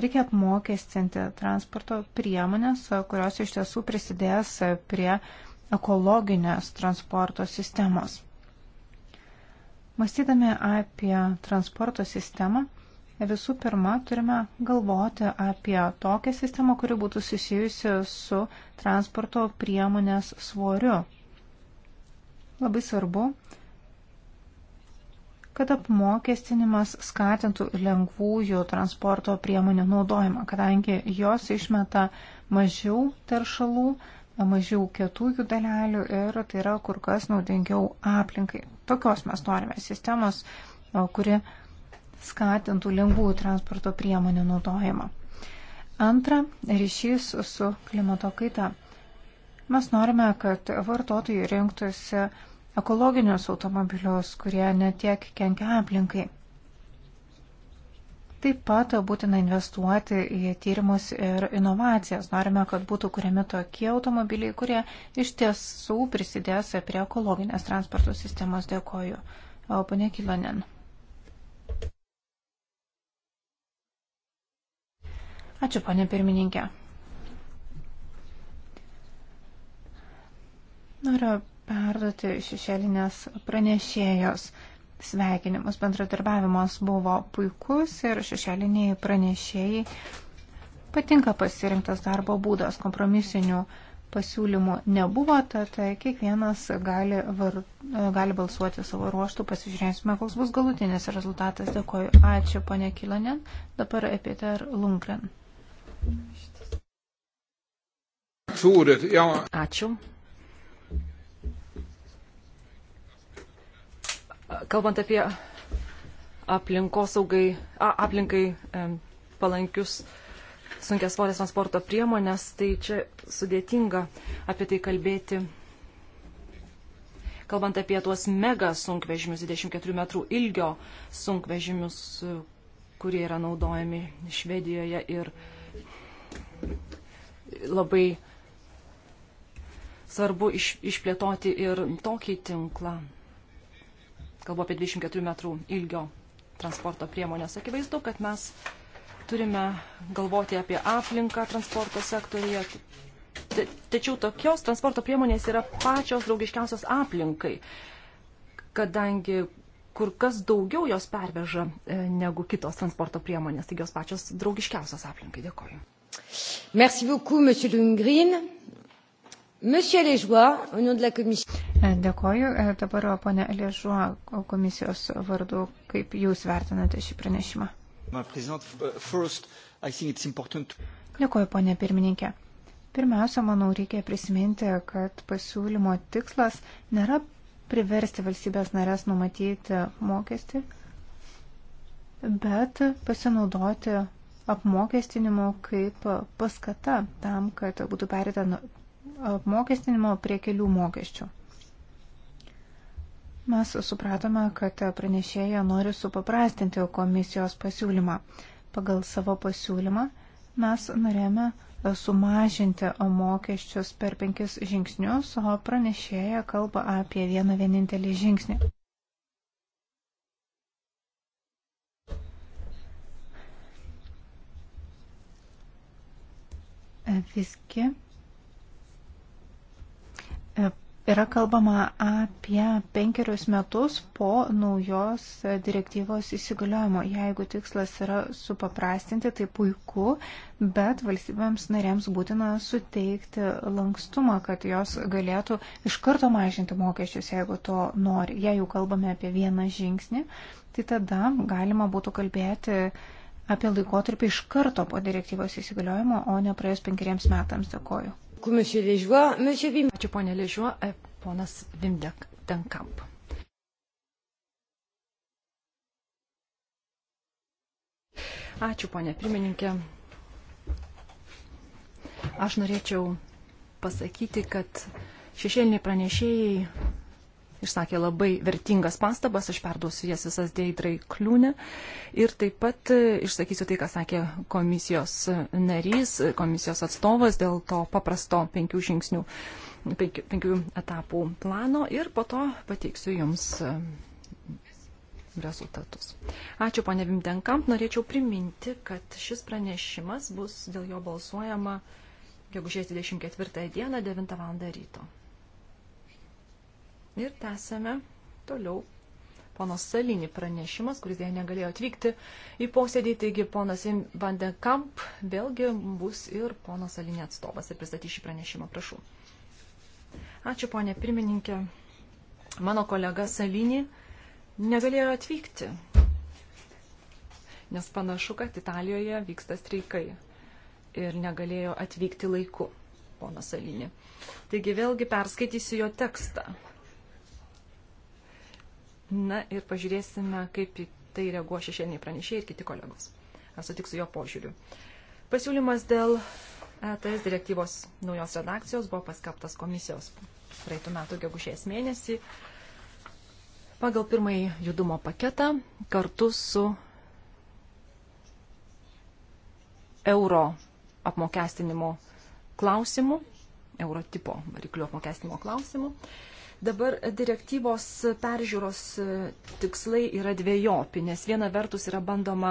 Reikia apmokestinti transporto priemonės, kurios iš tiesų prisidės prie ekologinės transporto sistemos. Mąstydami apie transporto sistemą, visų pirma turime galvoti apie tokią sistemą, kuri būtų susijusi su transporto priemonės svoriu. Labai svarbu kad apmokestinimas skatintų lengvųjų transporto priemonių naudojimą, kadangi jos išmeta mažiau teršalų, mažiau kietųjų dalelių ir tai yra kur kas naudingiau aplinkai. Tokios mes norime sistemos, kuri skatintų lengvųjų transporto priemonių naudojimą. Antra, ryšys su klimato kaita. Mes norime, kad vartotojai rinktųsi ekologinius automobilius, kurie netiek kenkia aplinkai. Taip pat būtina investuoti į tyrimus ir inovacijas. Norime, kad būtų kuriami tokie automobiliai, kurie iš tiesų prisidės prie ekologinės transporto sistemos. Dėkoju. Pane Kilonen. Ačiū, pane pirmininkė. Noriu perduoti šešėlinės pranešėjos sveikinimus. Bendradarbiavimas buvo puikus ir šešėliniai pranešėjai patinka pasirinktas darbo būdas kompromisinių pasiūlymų nebuvo, tad kiekvienas gali, var, gali balsuoti savo ruoštų, pasižiūrėsime, koks bus galutinis rezultatas. Dėkoju. Ačiū, ponė Kilonen. Dabar Peter Lundgren. Ačiū. Kalbant apie aplinkosaugai, a, aplinkai palankius sunkias svorės transporto priemonės, tai čia sudėtinga apie tai kalbėti. Kalbant apie tuos mega sunkvežimius, 24 metrų ilgio sunkvežimius, kurie yra naudojami Švedijoje ir labai svarbu iš, išplėtoti ir tokį tinklą kalbu apie 24 metrų ilgio transporto priemonės. Akivaizdu, kad mes turime galvoti apie aplinką transporto sektorija. Tačiau tokios transporto priemonės yra pačios draugiškiausios aplinkai, kadangi kur kas daugiau jos perveža e, negu kitos transporto priemonės, taigi jos pačios draugiškiausios aplinkai. Dėkoju. Merci beaucoup, monsieur Lundgren. E, dėkoju. E, dabar e, ponė Lėžuo komisijos vardu, kaip Jūs vertinate šį pranešimą? Dėkoju, ponė pirmininkė. Pirmiausia, manau, reikia prisiminti, kad pasiūlymo tikslas nėra priversti valstybės narės numatyti mokestį, bet pasinaudoti apmokestinimu kaip paskata tam, kad būtų perėta nu- apmokestinimo prie kelių mokesčių. Mes supratome, kad pranešėja nori supaprastinti komisijos pasiūlymą. Pagal savo pasiūlymą mes norėjome sumažinti mokesčius per penkis žingsnius, o pranešėja kalba apie vieną vienintelį žingsnį. Visgi Yra kalbama apie penkerius metus po naujos direktyvos įsigaliojimo. Jeigu tikslas yra supaprastinti, tai puiku, bet valstybėms narėms būtina suteikti lankstumą, kad jos galėtų iš karto mažinti mokesčius, jeigu to nori. Jei jau kalbame apie vieną žingsnį, tai tada galima būtų kalbėti apie laikotarpį iš karto po direktyvos įsigaliojimo, o ne praėjus penkeriems metams. Dėkoju. Ačiū ponė Ležiuo, e, ponas Vimdek Tenkamp. Ačiū, ponė pirmininkė. Aš norėčiau pasakyti, kad šešėliniai pranešėjai išsakė labai vertingas pastabas, aš perduosiu jas visas Deidrai Kliūne. Ir taip pat e, išsakysiu tai, ką sakė komisijos narys, komisijos atstovas dėl to paprasto penkių žingsnių, penkių, penkių etapų plano ir po to pateiksiu jums e, rezultatus. Ačiū, ponė Vimtenkamp. Norėčiau priminti, kad šis pranešimas bus dėl jo balsuojama gegužės 24 dieną 9 val. ryto. Ir tęsėme toliau. Ponas Salinį pranešimas, kuris dėja negalėjo atvykti į posėdį, taigi ponas Vandenkamp vėlgi bus ir ponas Salinį atstovas ir pristatys šį pranešimą, prašau. Ačiū, ponė pirmininkė. Mano kolega Salinį negalėjo atvykti, nes panašu, kad Italijoje vyksta streikai ir negalėjo atvykti laiku, ponas Salinį. Taigi vėlgi perskaitysiu jo tekstą Na ir pažiūrėsime, kaip tai reaguoja šešėliniai pranešėjai ir kiti kolegos. Aš sutiksiu jo požiūriu. Pasiūlymas dėl ETS direktyvos naujos redakcijos buvo paskelbtas komisijos praeitų metų gegužės mėnesį pagal pirmąjį judumo paketą kartu su euro apmokestinimo klausimu, euro tipo variklių apmokestinimo klausimu. Uh, Dabar direktyvos peržiūros tikslai yra dviejopi, nes viena vertus yra bandoma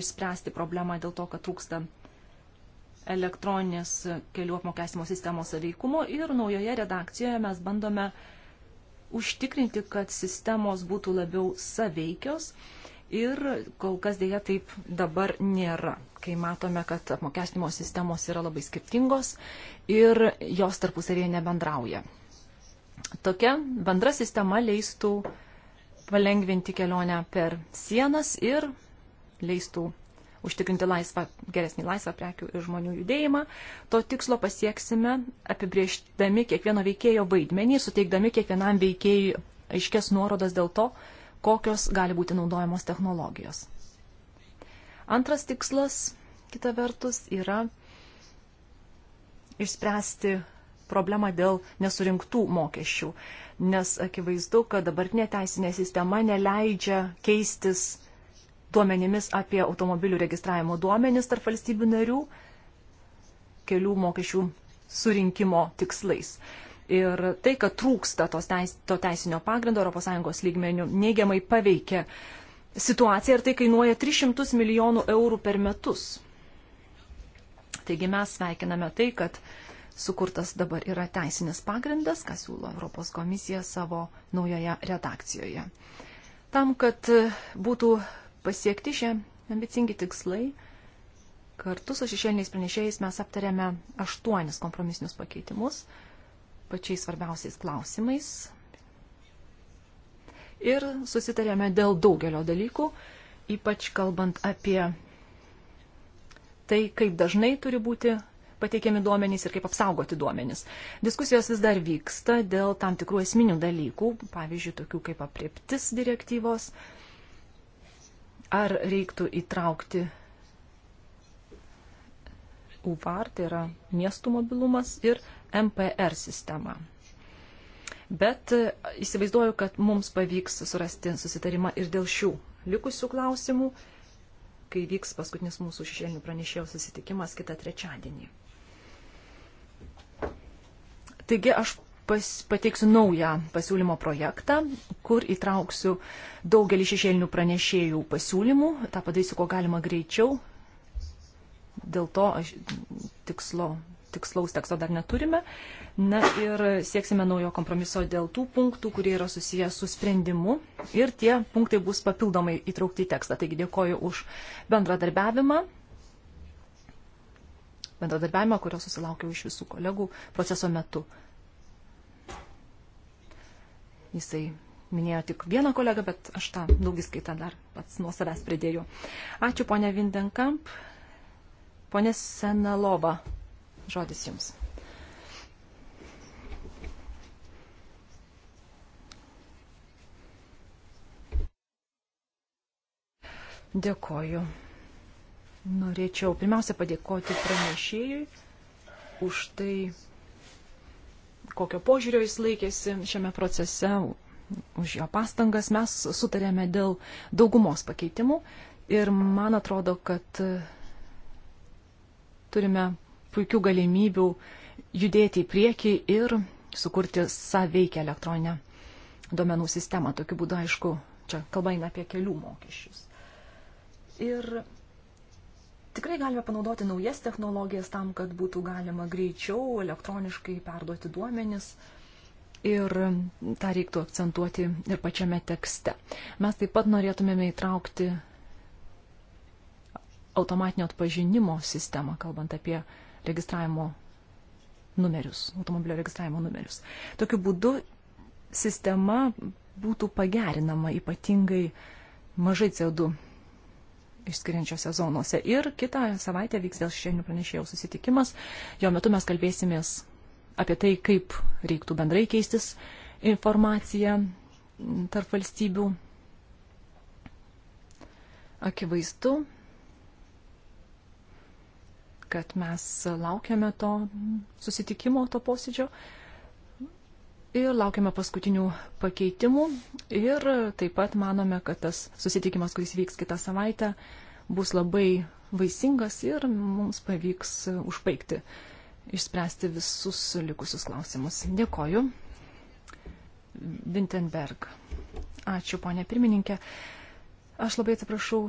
išspręsti problemą dėl to, kad trūksta elektroninės kelių apmokestimo sistemos saveikumo ir naujoje redakcijoje mes bandome užtikrinti, kad sistemos būtų labiau saveikios ir kol kas dėja taip dabar nėra, kai matome, kad apmokestinimo sistemos yra labai skirtingos ir jos tarpusavėje nebendrauja. Tokia bendra sistema leistų palengvinti kelionę per sienas ir leistų užtikrinti laisvą, geresnį laisvą prekių ir žmonių judėjimą. To tikslo pasieksime apibrieždami kiekvieno veikėjo vaidmenį ir suteikdami kiekvienam veikėjui aiškės nuorodas dėl to, kokios gali būti naudojamos technologijos. Antras tikslas, kita vertus, yra išspręsti problemą dėl nesurinktų mokesčių, nes akivaizdu, kad dabartinė teisinė sistema neleidžia keistis duomenimis apie automobilių registravimo duomenis tarp valstybių narių kelių mokesčių surinkimo tikslais. Ir tai, kad trūksta teis, to teisinio pagrindo ES lygmenių, neigiamai paveikia situaciją ir tai kainuoja 300 milijonų eurų per metus. Taigi mes sveikiname tai, kad uh, sukurtas dabar yra teisinis pagrindas, ką siūlo Europos komisija savo naujoje redakcijoje. Tam, kad būtų pasiekti šie ambicingi tikslai, kartu su šešėliniais pranešėjais mes aptarėme aštuonis kompromisinius pakeitimus pačiais svarbiausiais klausimais ir susitarėme dėl daugelio dalykų, ypač kalbant apie tai, kaip dažnai turi būti pateikiami duomenys ir kaip apsaugoti duomenys. Diskusijos vis dar vyksta dėl tam tikrų esminių dalykų, pavyzdžiui, tokių kaip apriptis direktyvos. Ar reiktų įtraukti UVAR, tai yra miestų mobilumas ir MPR sistemą. Bet e, įsivaizduoju, kad mums pavyks surasti susitarimą ir dėl šių likusių klausimų, kai vyks paskutinis mūsų šešėlinių pranešėjų susitikimas kitą trečiadienį. Taigi aš pas, pateiksiu naują pasiūlymo projektą, kur įtrauksiu daugelį šešėlinių pranešėjų pasiūlymų. Ta padarysiu, ko galima greičiau. Dėl to aš tikslo, tikslaus teksto dar neturime. Na ir sieksime naujo kompromiso dėl tų punktų, kurie yra susiję su sprendimu. Ir tie punktai bus papildomai įtraukti į tekstą. Taigi dėkoju už bendradarbiavimą bendradarbiavimą, kurio susilaukiau iš visų kolegų proceso metu. Jisai minėjo tik vieną kolegą, bet aš tą daugiskaitą dar pats nuo savęs pridėjau. Ačiū ponia Vindenkamp. Pone Senalova, žodis jums. Dėkoju. Norėčiau pirmiausia padėkoti pranešėjui už tai, kokio požiūrio jis laikėsi šiame procese, už jo pastangas. Mes sutarėme dėl daugumos pakeitimų ir man atrodo, kad turime puikių galimybių judėti į priekį ir sukurti saveikę elektroninę duomenų sistemą. Tokiu būdu, aišku, čia kalba eina apie kelių mokesčius. Ir Tikrai galime panaudoti naujas technologijas tam, kad būtų galima greičiau elektroniškai perduoti duomenis. Ir tą reiktų akcentuoti ir pačiame tekste. Mes taip pat norėtumėme įtraukti automatinio atpažinimo sistemą, kalbant apie registravimo numerius, automobilio registravimo numerius. Tokiu būdu sistema būtų pagerinama ypatingai mažai CO2 išskiriančiose zonose. Ir kitą savaitę vyks dėl šiandien pranešėjų susitikimas. Jo metu mes kalbėsimės apie tai, kaip reiktų bendrai keistis informaciją tarp valstybių. Akivaizdu, kad mes laukiame to susitikimo, to posėdžio ir laukiame paskutinių pakeitimų. Ir taip pat manome, kad tas susitikimas, kuris vyks kitą savaitę, bus labai vaisingas ir mums pavyks užbaigti, išspręsti visus likusius klausimus. Dėkoju. Vintenberg. Ačiū, ponė pirmininkė. Aš labai atsiprašau,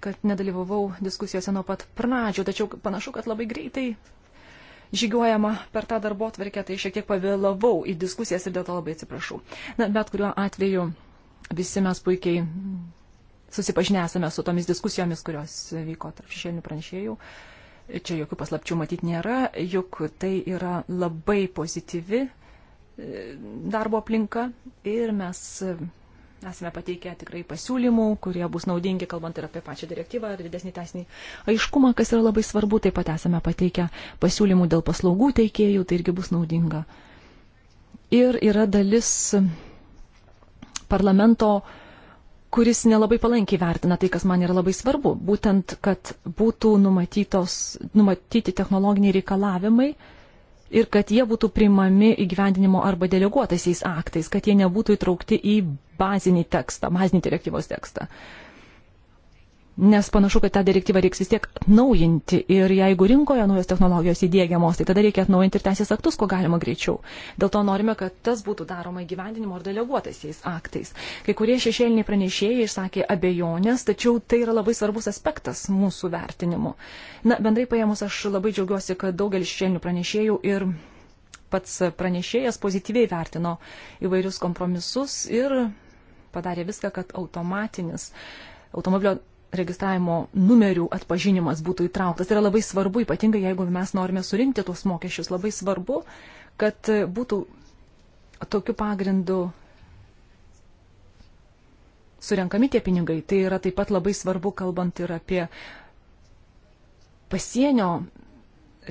kad nedalyvavau diskusijose nuo pat pradžio, tačiau panašu, kad labai greitai žygiuojama per tą darbo tvarkę, tai šiek tiek pavėlavau į diskusijas ir dėl to labai atsiprašau. Na, bet kuriuo atveju visi mes puikiai susipažinę esame su tomis diskusijomis, kurios vyko tarp šešėlinių pranešėjų. Čia jokių paslapčių matyti nėra, juk tai yra labai pozityvi e, darbo aplinka ir mes Esame pateikę tikrai pasiūlymų, kurie bus naudingi, kalbant ir apie pačią direktyvą ir didesnį teisinį aiškumą, kas yra labai svarbu. Taip pat esame pateikę pasiūlymų dėl paslaugų teikėjų, tai irgi bus naudinga. Ir yra dalis parlamento, kuris nelabai palankiai vertina tai, kas man yra labai svarbu. Būtent, kad būtų numatytos, numatyti technologiniai reikalavimai ir kad jie būtų primami įgyvendinimo arba deleguotaisiais aktais, kad jie nebūtų įtraukti į bazinį tekstą, bazinį direktyvos tekstą. Uh, nes panašu, kad tą direktyvą reiks vis tiek naujinti ir jeigu rinkoje naujos technologijos įdėgiamos, tai tada reikia atnaujinti ir teisės aktus, ko galima greičiau. Dėl to norime, kad tas būtų daroma įgyvendinimo ar deleguotaisiais aktais. Kai kurie šešėliniai pranešėjai išsakė abejonės, tačiau tai yra labai svarbus aspektas mūsų vertinimu. Na, bendrai paėmus, aš labai džiaugiuosi, kad daugelis šešėlinių pranešėjų ir pats pranešėjas pozityviai vertino įvairius kompromisus ir padarė viską, kad automatinis automobilio registravimo numerių atpažinimas būtų įtrauktas. Tai yra labai svarbu, ypatingai jeigu mes norime surinkti tuos mokesčius, labai svarbu, kad būtų tokiu pagrindu surenkami tie pinigai. Tai yra taip pat labai svarbu, kalbant ir apie pasienio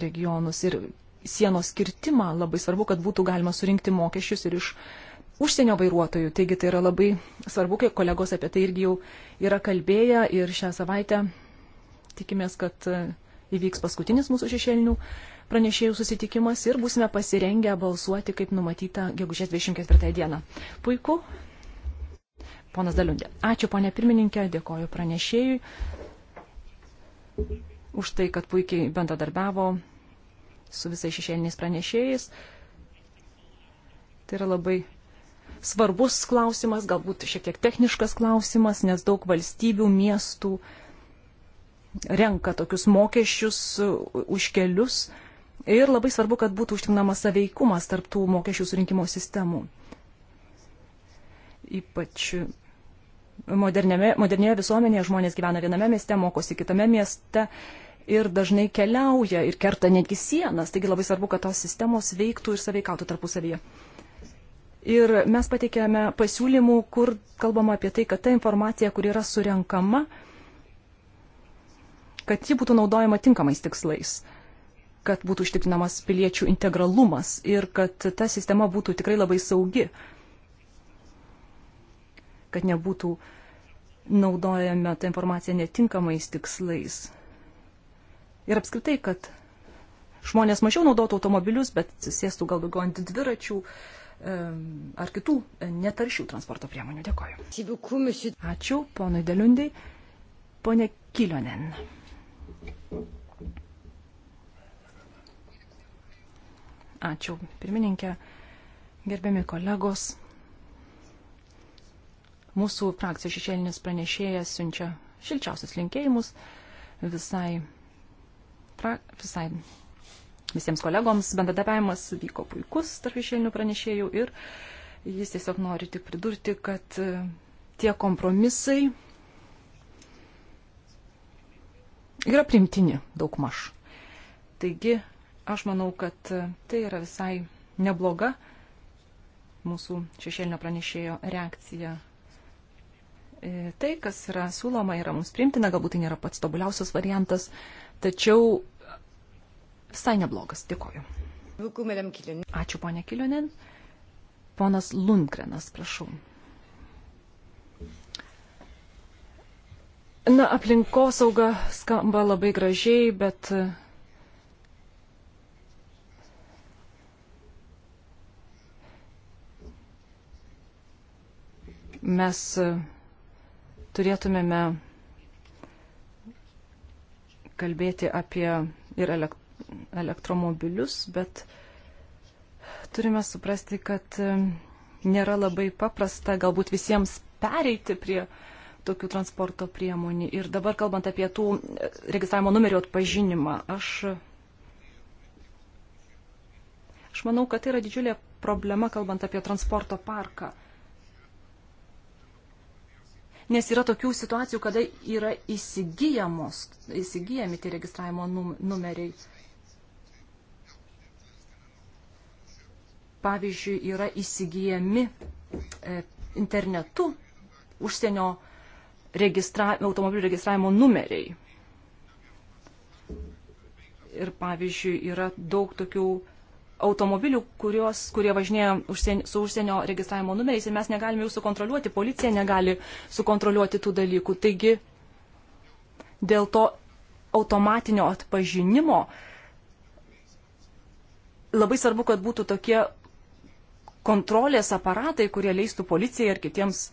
regionus ir sienos kirtimą. Labai svarbu, kad būtų galima surinkti mokesčius ir iš uh, užsienio vairuotojų. Taigi tai yra labai svarbu, kai kolegos apie tai irgi jau yra kalbėję ir šią savaitę tikimės, kad e, įvyks paskutinis mūsų šešėlinių pranešėjų susitikimas ir būsime pasirengę balsuoti, kaip numatyta, gegužės 24 dieną. Puiku. Ponas Daliundė. Ačiū, ponė pirmininkė, dėkoju pranešėjui už tai, kad puikiai bendradarbiavo su visais šešėliniais pranešėjais. Tai yra labai svarbus klausimas, galbūt šiek tiek techniškas klausimas, nes daug valstybių, miestų renka tokius mokesčius e, už kelius ir labai svarbu, kad būtų užtikrinamas saveikumas tarp tų mokesčių surinkimo sistemų. Ypač modernėje visuomenėje žmonės gyvena viename mieste, mokosi kitame mieste ir dažnai keliauja ir kerta netgi sienas. Taigi labai svarbu, kad tos sistemos veiktų ir saveikautų tarpusavyje. Ir mes pateikėme pasiūlymų, kur kalbama apie tai, kad ta informacija, kur yra surenkama, kad ji būtų naudojama tinkamais tikslais, kad būtų užtikrinamas piliečių integralumas ir kad ta sistema būtų tikrai labai saugi, kad nebūtų naudojama ta informacija netinkamais tikslais. Ir apskritai, kad žmonės mažiau naudotų automobilius, bet sėstų gal daugiau ant dviračių, uh, ar kitų netaršių transporto priemonių. Dėkoju. Ačiū, ponui Deliundai. Pone Kilionen. Ačiū, pirmininkė. Gerbiami kolegos, mūsų frakcijos šešėlinis pranešėjas siunčia šilčiausius linkėjimus visai, pra, visai visiems kolegoms. Bendradarbiavimas vyko puikus tarp išėlinių pranešėjų ir jis tiesiog nori tik pridurti, kad e, tie kompromisai yra primtini daugmaž. Taigi, aš manau, kad e, tai yra visai nebloga mūsų šešėlinio pranešėjo reakcija. E, tai, kas yra siūloma, yra mums primtina, galbūt tai nėra pats tobuliausias variantas, tačiau visai neblogas. Dėkoju. Ačiū, ponė Kilionin. Ponas Lundgrenas, prašau. Na, aplinkosauga skamba labai gražiai, bet. Mes e, turėtumėme kalbėti apie ir elektroninį elektromobilius, bet turime suprasti, kad nėra labai paprasta galbūt visiems pereiti prie tokių transporto priemonių. Ir dabar kalbant apie tų e, registravimo numerio atpažinimą, aš, aš manau, kad tai yra didžiulė problema, kalbant apie transporto parką. Nes yra tokių situacijų, kada yra įsigijamos, įsigijami tie registravimo numeriai. pavyzdžiui, yra įsigijami e, internetu užsienio registra, automobilių registravimo numeriai. Ir pavyzdžiui, yra daug tokių automobilių, kurios, kurie važinėja užsien, su užsienio registravimo numeriais ir mes negalime jų sukontroliuoti, policija negali sukontroliuoti tų dalykų. Taigi dėl to automatinio atpažinimo labai svarbu, kad būtų tokie kontrolės aparatai, kurie leistų policijai ir kitiems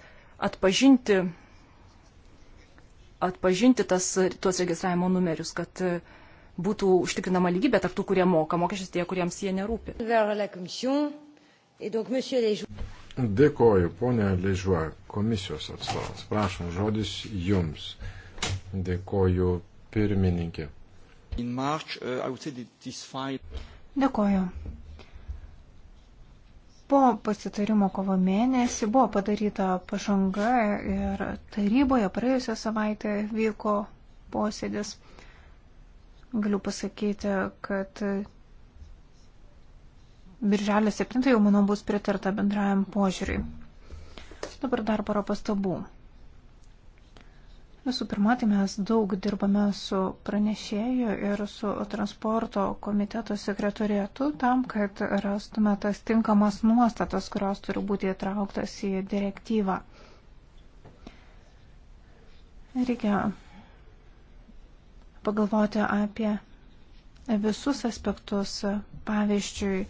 atpažinti, atpažinti tas, tuos registravimo numerius, kad e, būtų užtikrinama lygybė tarp tų, kurie moka mokesčius, tie, kuriems jie nerūpi. Dėkoju, ponė Ležuo, komisijos atstovas. Prašom, žodis jums. Dėkoju, pirmininkė. Uh, Dėkoju. Po pasitarimo kovo mėnesį buvo padaryta pažanga ir taryboje praėjusią savaitę vyko posėdis. Galiu pasakyti, kad birželio 7 jau, manau, bus pritarta bendrajam požiūriui. Dabar dar paro pastabų. Visų pirma, tai mes daug dirbame su pranešėju ir su transporto komiteto sekretorietu tam, kad rastume tas tinkamas nuostatas, kurios turi būti įtrauktas į direktyvą. Reikia pagalvoti apie visus aspektus, pavyzdžiui,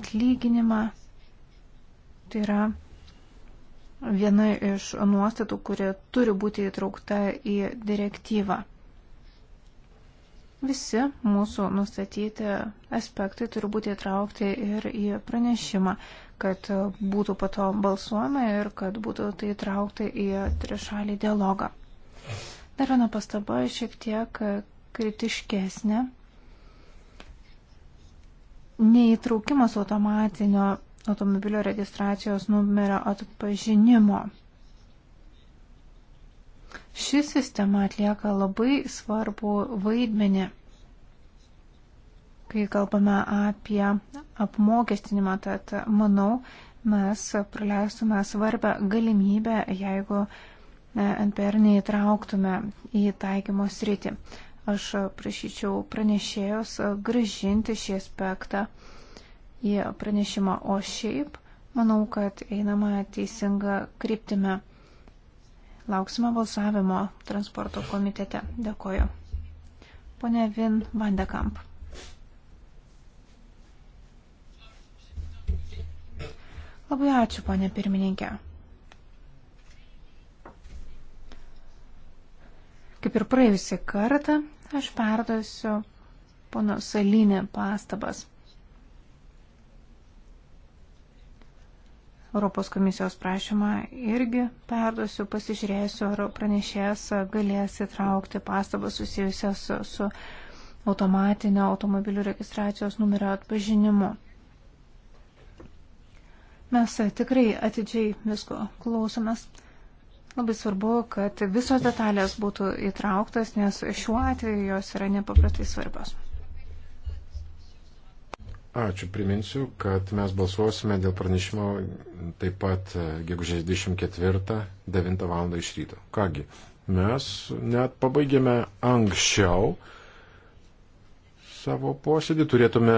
atlyginimą, tai yra viena iš nuostatų, kuri turi būti įtraukta į direktyvą. Visi mūsų nustatyti aspektai turi būti įtraukti ir į pranešimą, kad būtų pato balsuojama ir kad būtų tai įtraukta į trišalį dialogą. Dar viena pastaba šiek tiek kritiškesnė. Neįtraukimas automatinio automobilio registracijos numerio atpažinimo. Ši sistema atlieka labai svarbu vaidmenį, kai kalbame apie apmokestinimą, tad manau, mes praleistume svarbę galimybę, jeigu e, NPR neįtrauktume į taikymo sritį. Aš prašyčiau pranešėjos e, gražinti šį aspektą į pranešimą, o šiaip manau, kad einama teisinga kryptime. Lauksime balsavimo transporto komitete. Dėkoju. Pone Vin Vandekamp. Labai ačiū, ponė pirmininkė. Kaip ir praėjusią kartą, aš perduosiu pono Salinį pastabas. Europos komisijos prašymą irgi perduosiu, pasižiūrėsiu, ar pranešėjas galės įtraukti pastabą susijusias su automatinio automobilių registracijos numerio atpažinimu. Mes tikrai atidžiai visko klausomės. Labai svarbu, kad visos detalės būtų įtrauktas, nes šiuo atveju jos yra nepaprastai svarbios. Ačiū, priminsiu, kad mes balsuosime dėl pranešimo taip pat e, gegužės 24-9 val. iš ryto. Kągi, mes net pabaigėme anksčiau savo posėdį, turėtume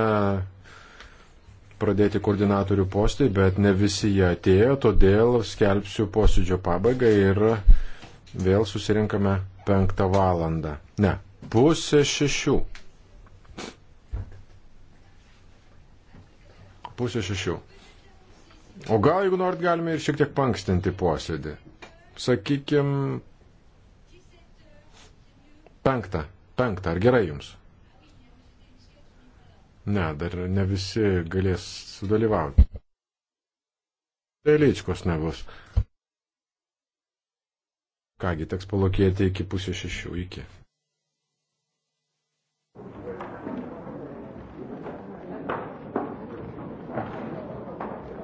pradėti koordinatorių postį, bet ne visi jie atėjo, todėl skelbsiu posėdžio pabaigą ir vėl susirinkame penktą valandą. Ne, pusę šešių. pusė šešių. O gal, jeigu norit, galime ir šiek tiek pankstinti posėdį. Sakykim, penktą. Penktą, ar gerai jums? Ne, dar ne visi galės sudalyvauti. Telyčkos nebus. Kągi, teks palokėti iki pusės šešių, iki.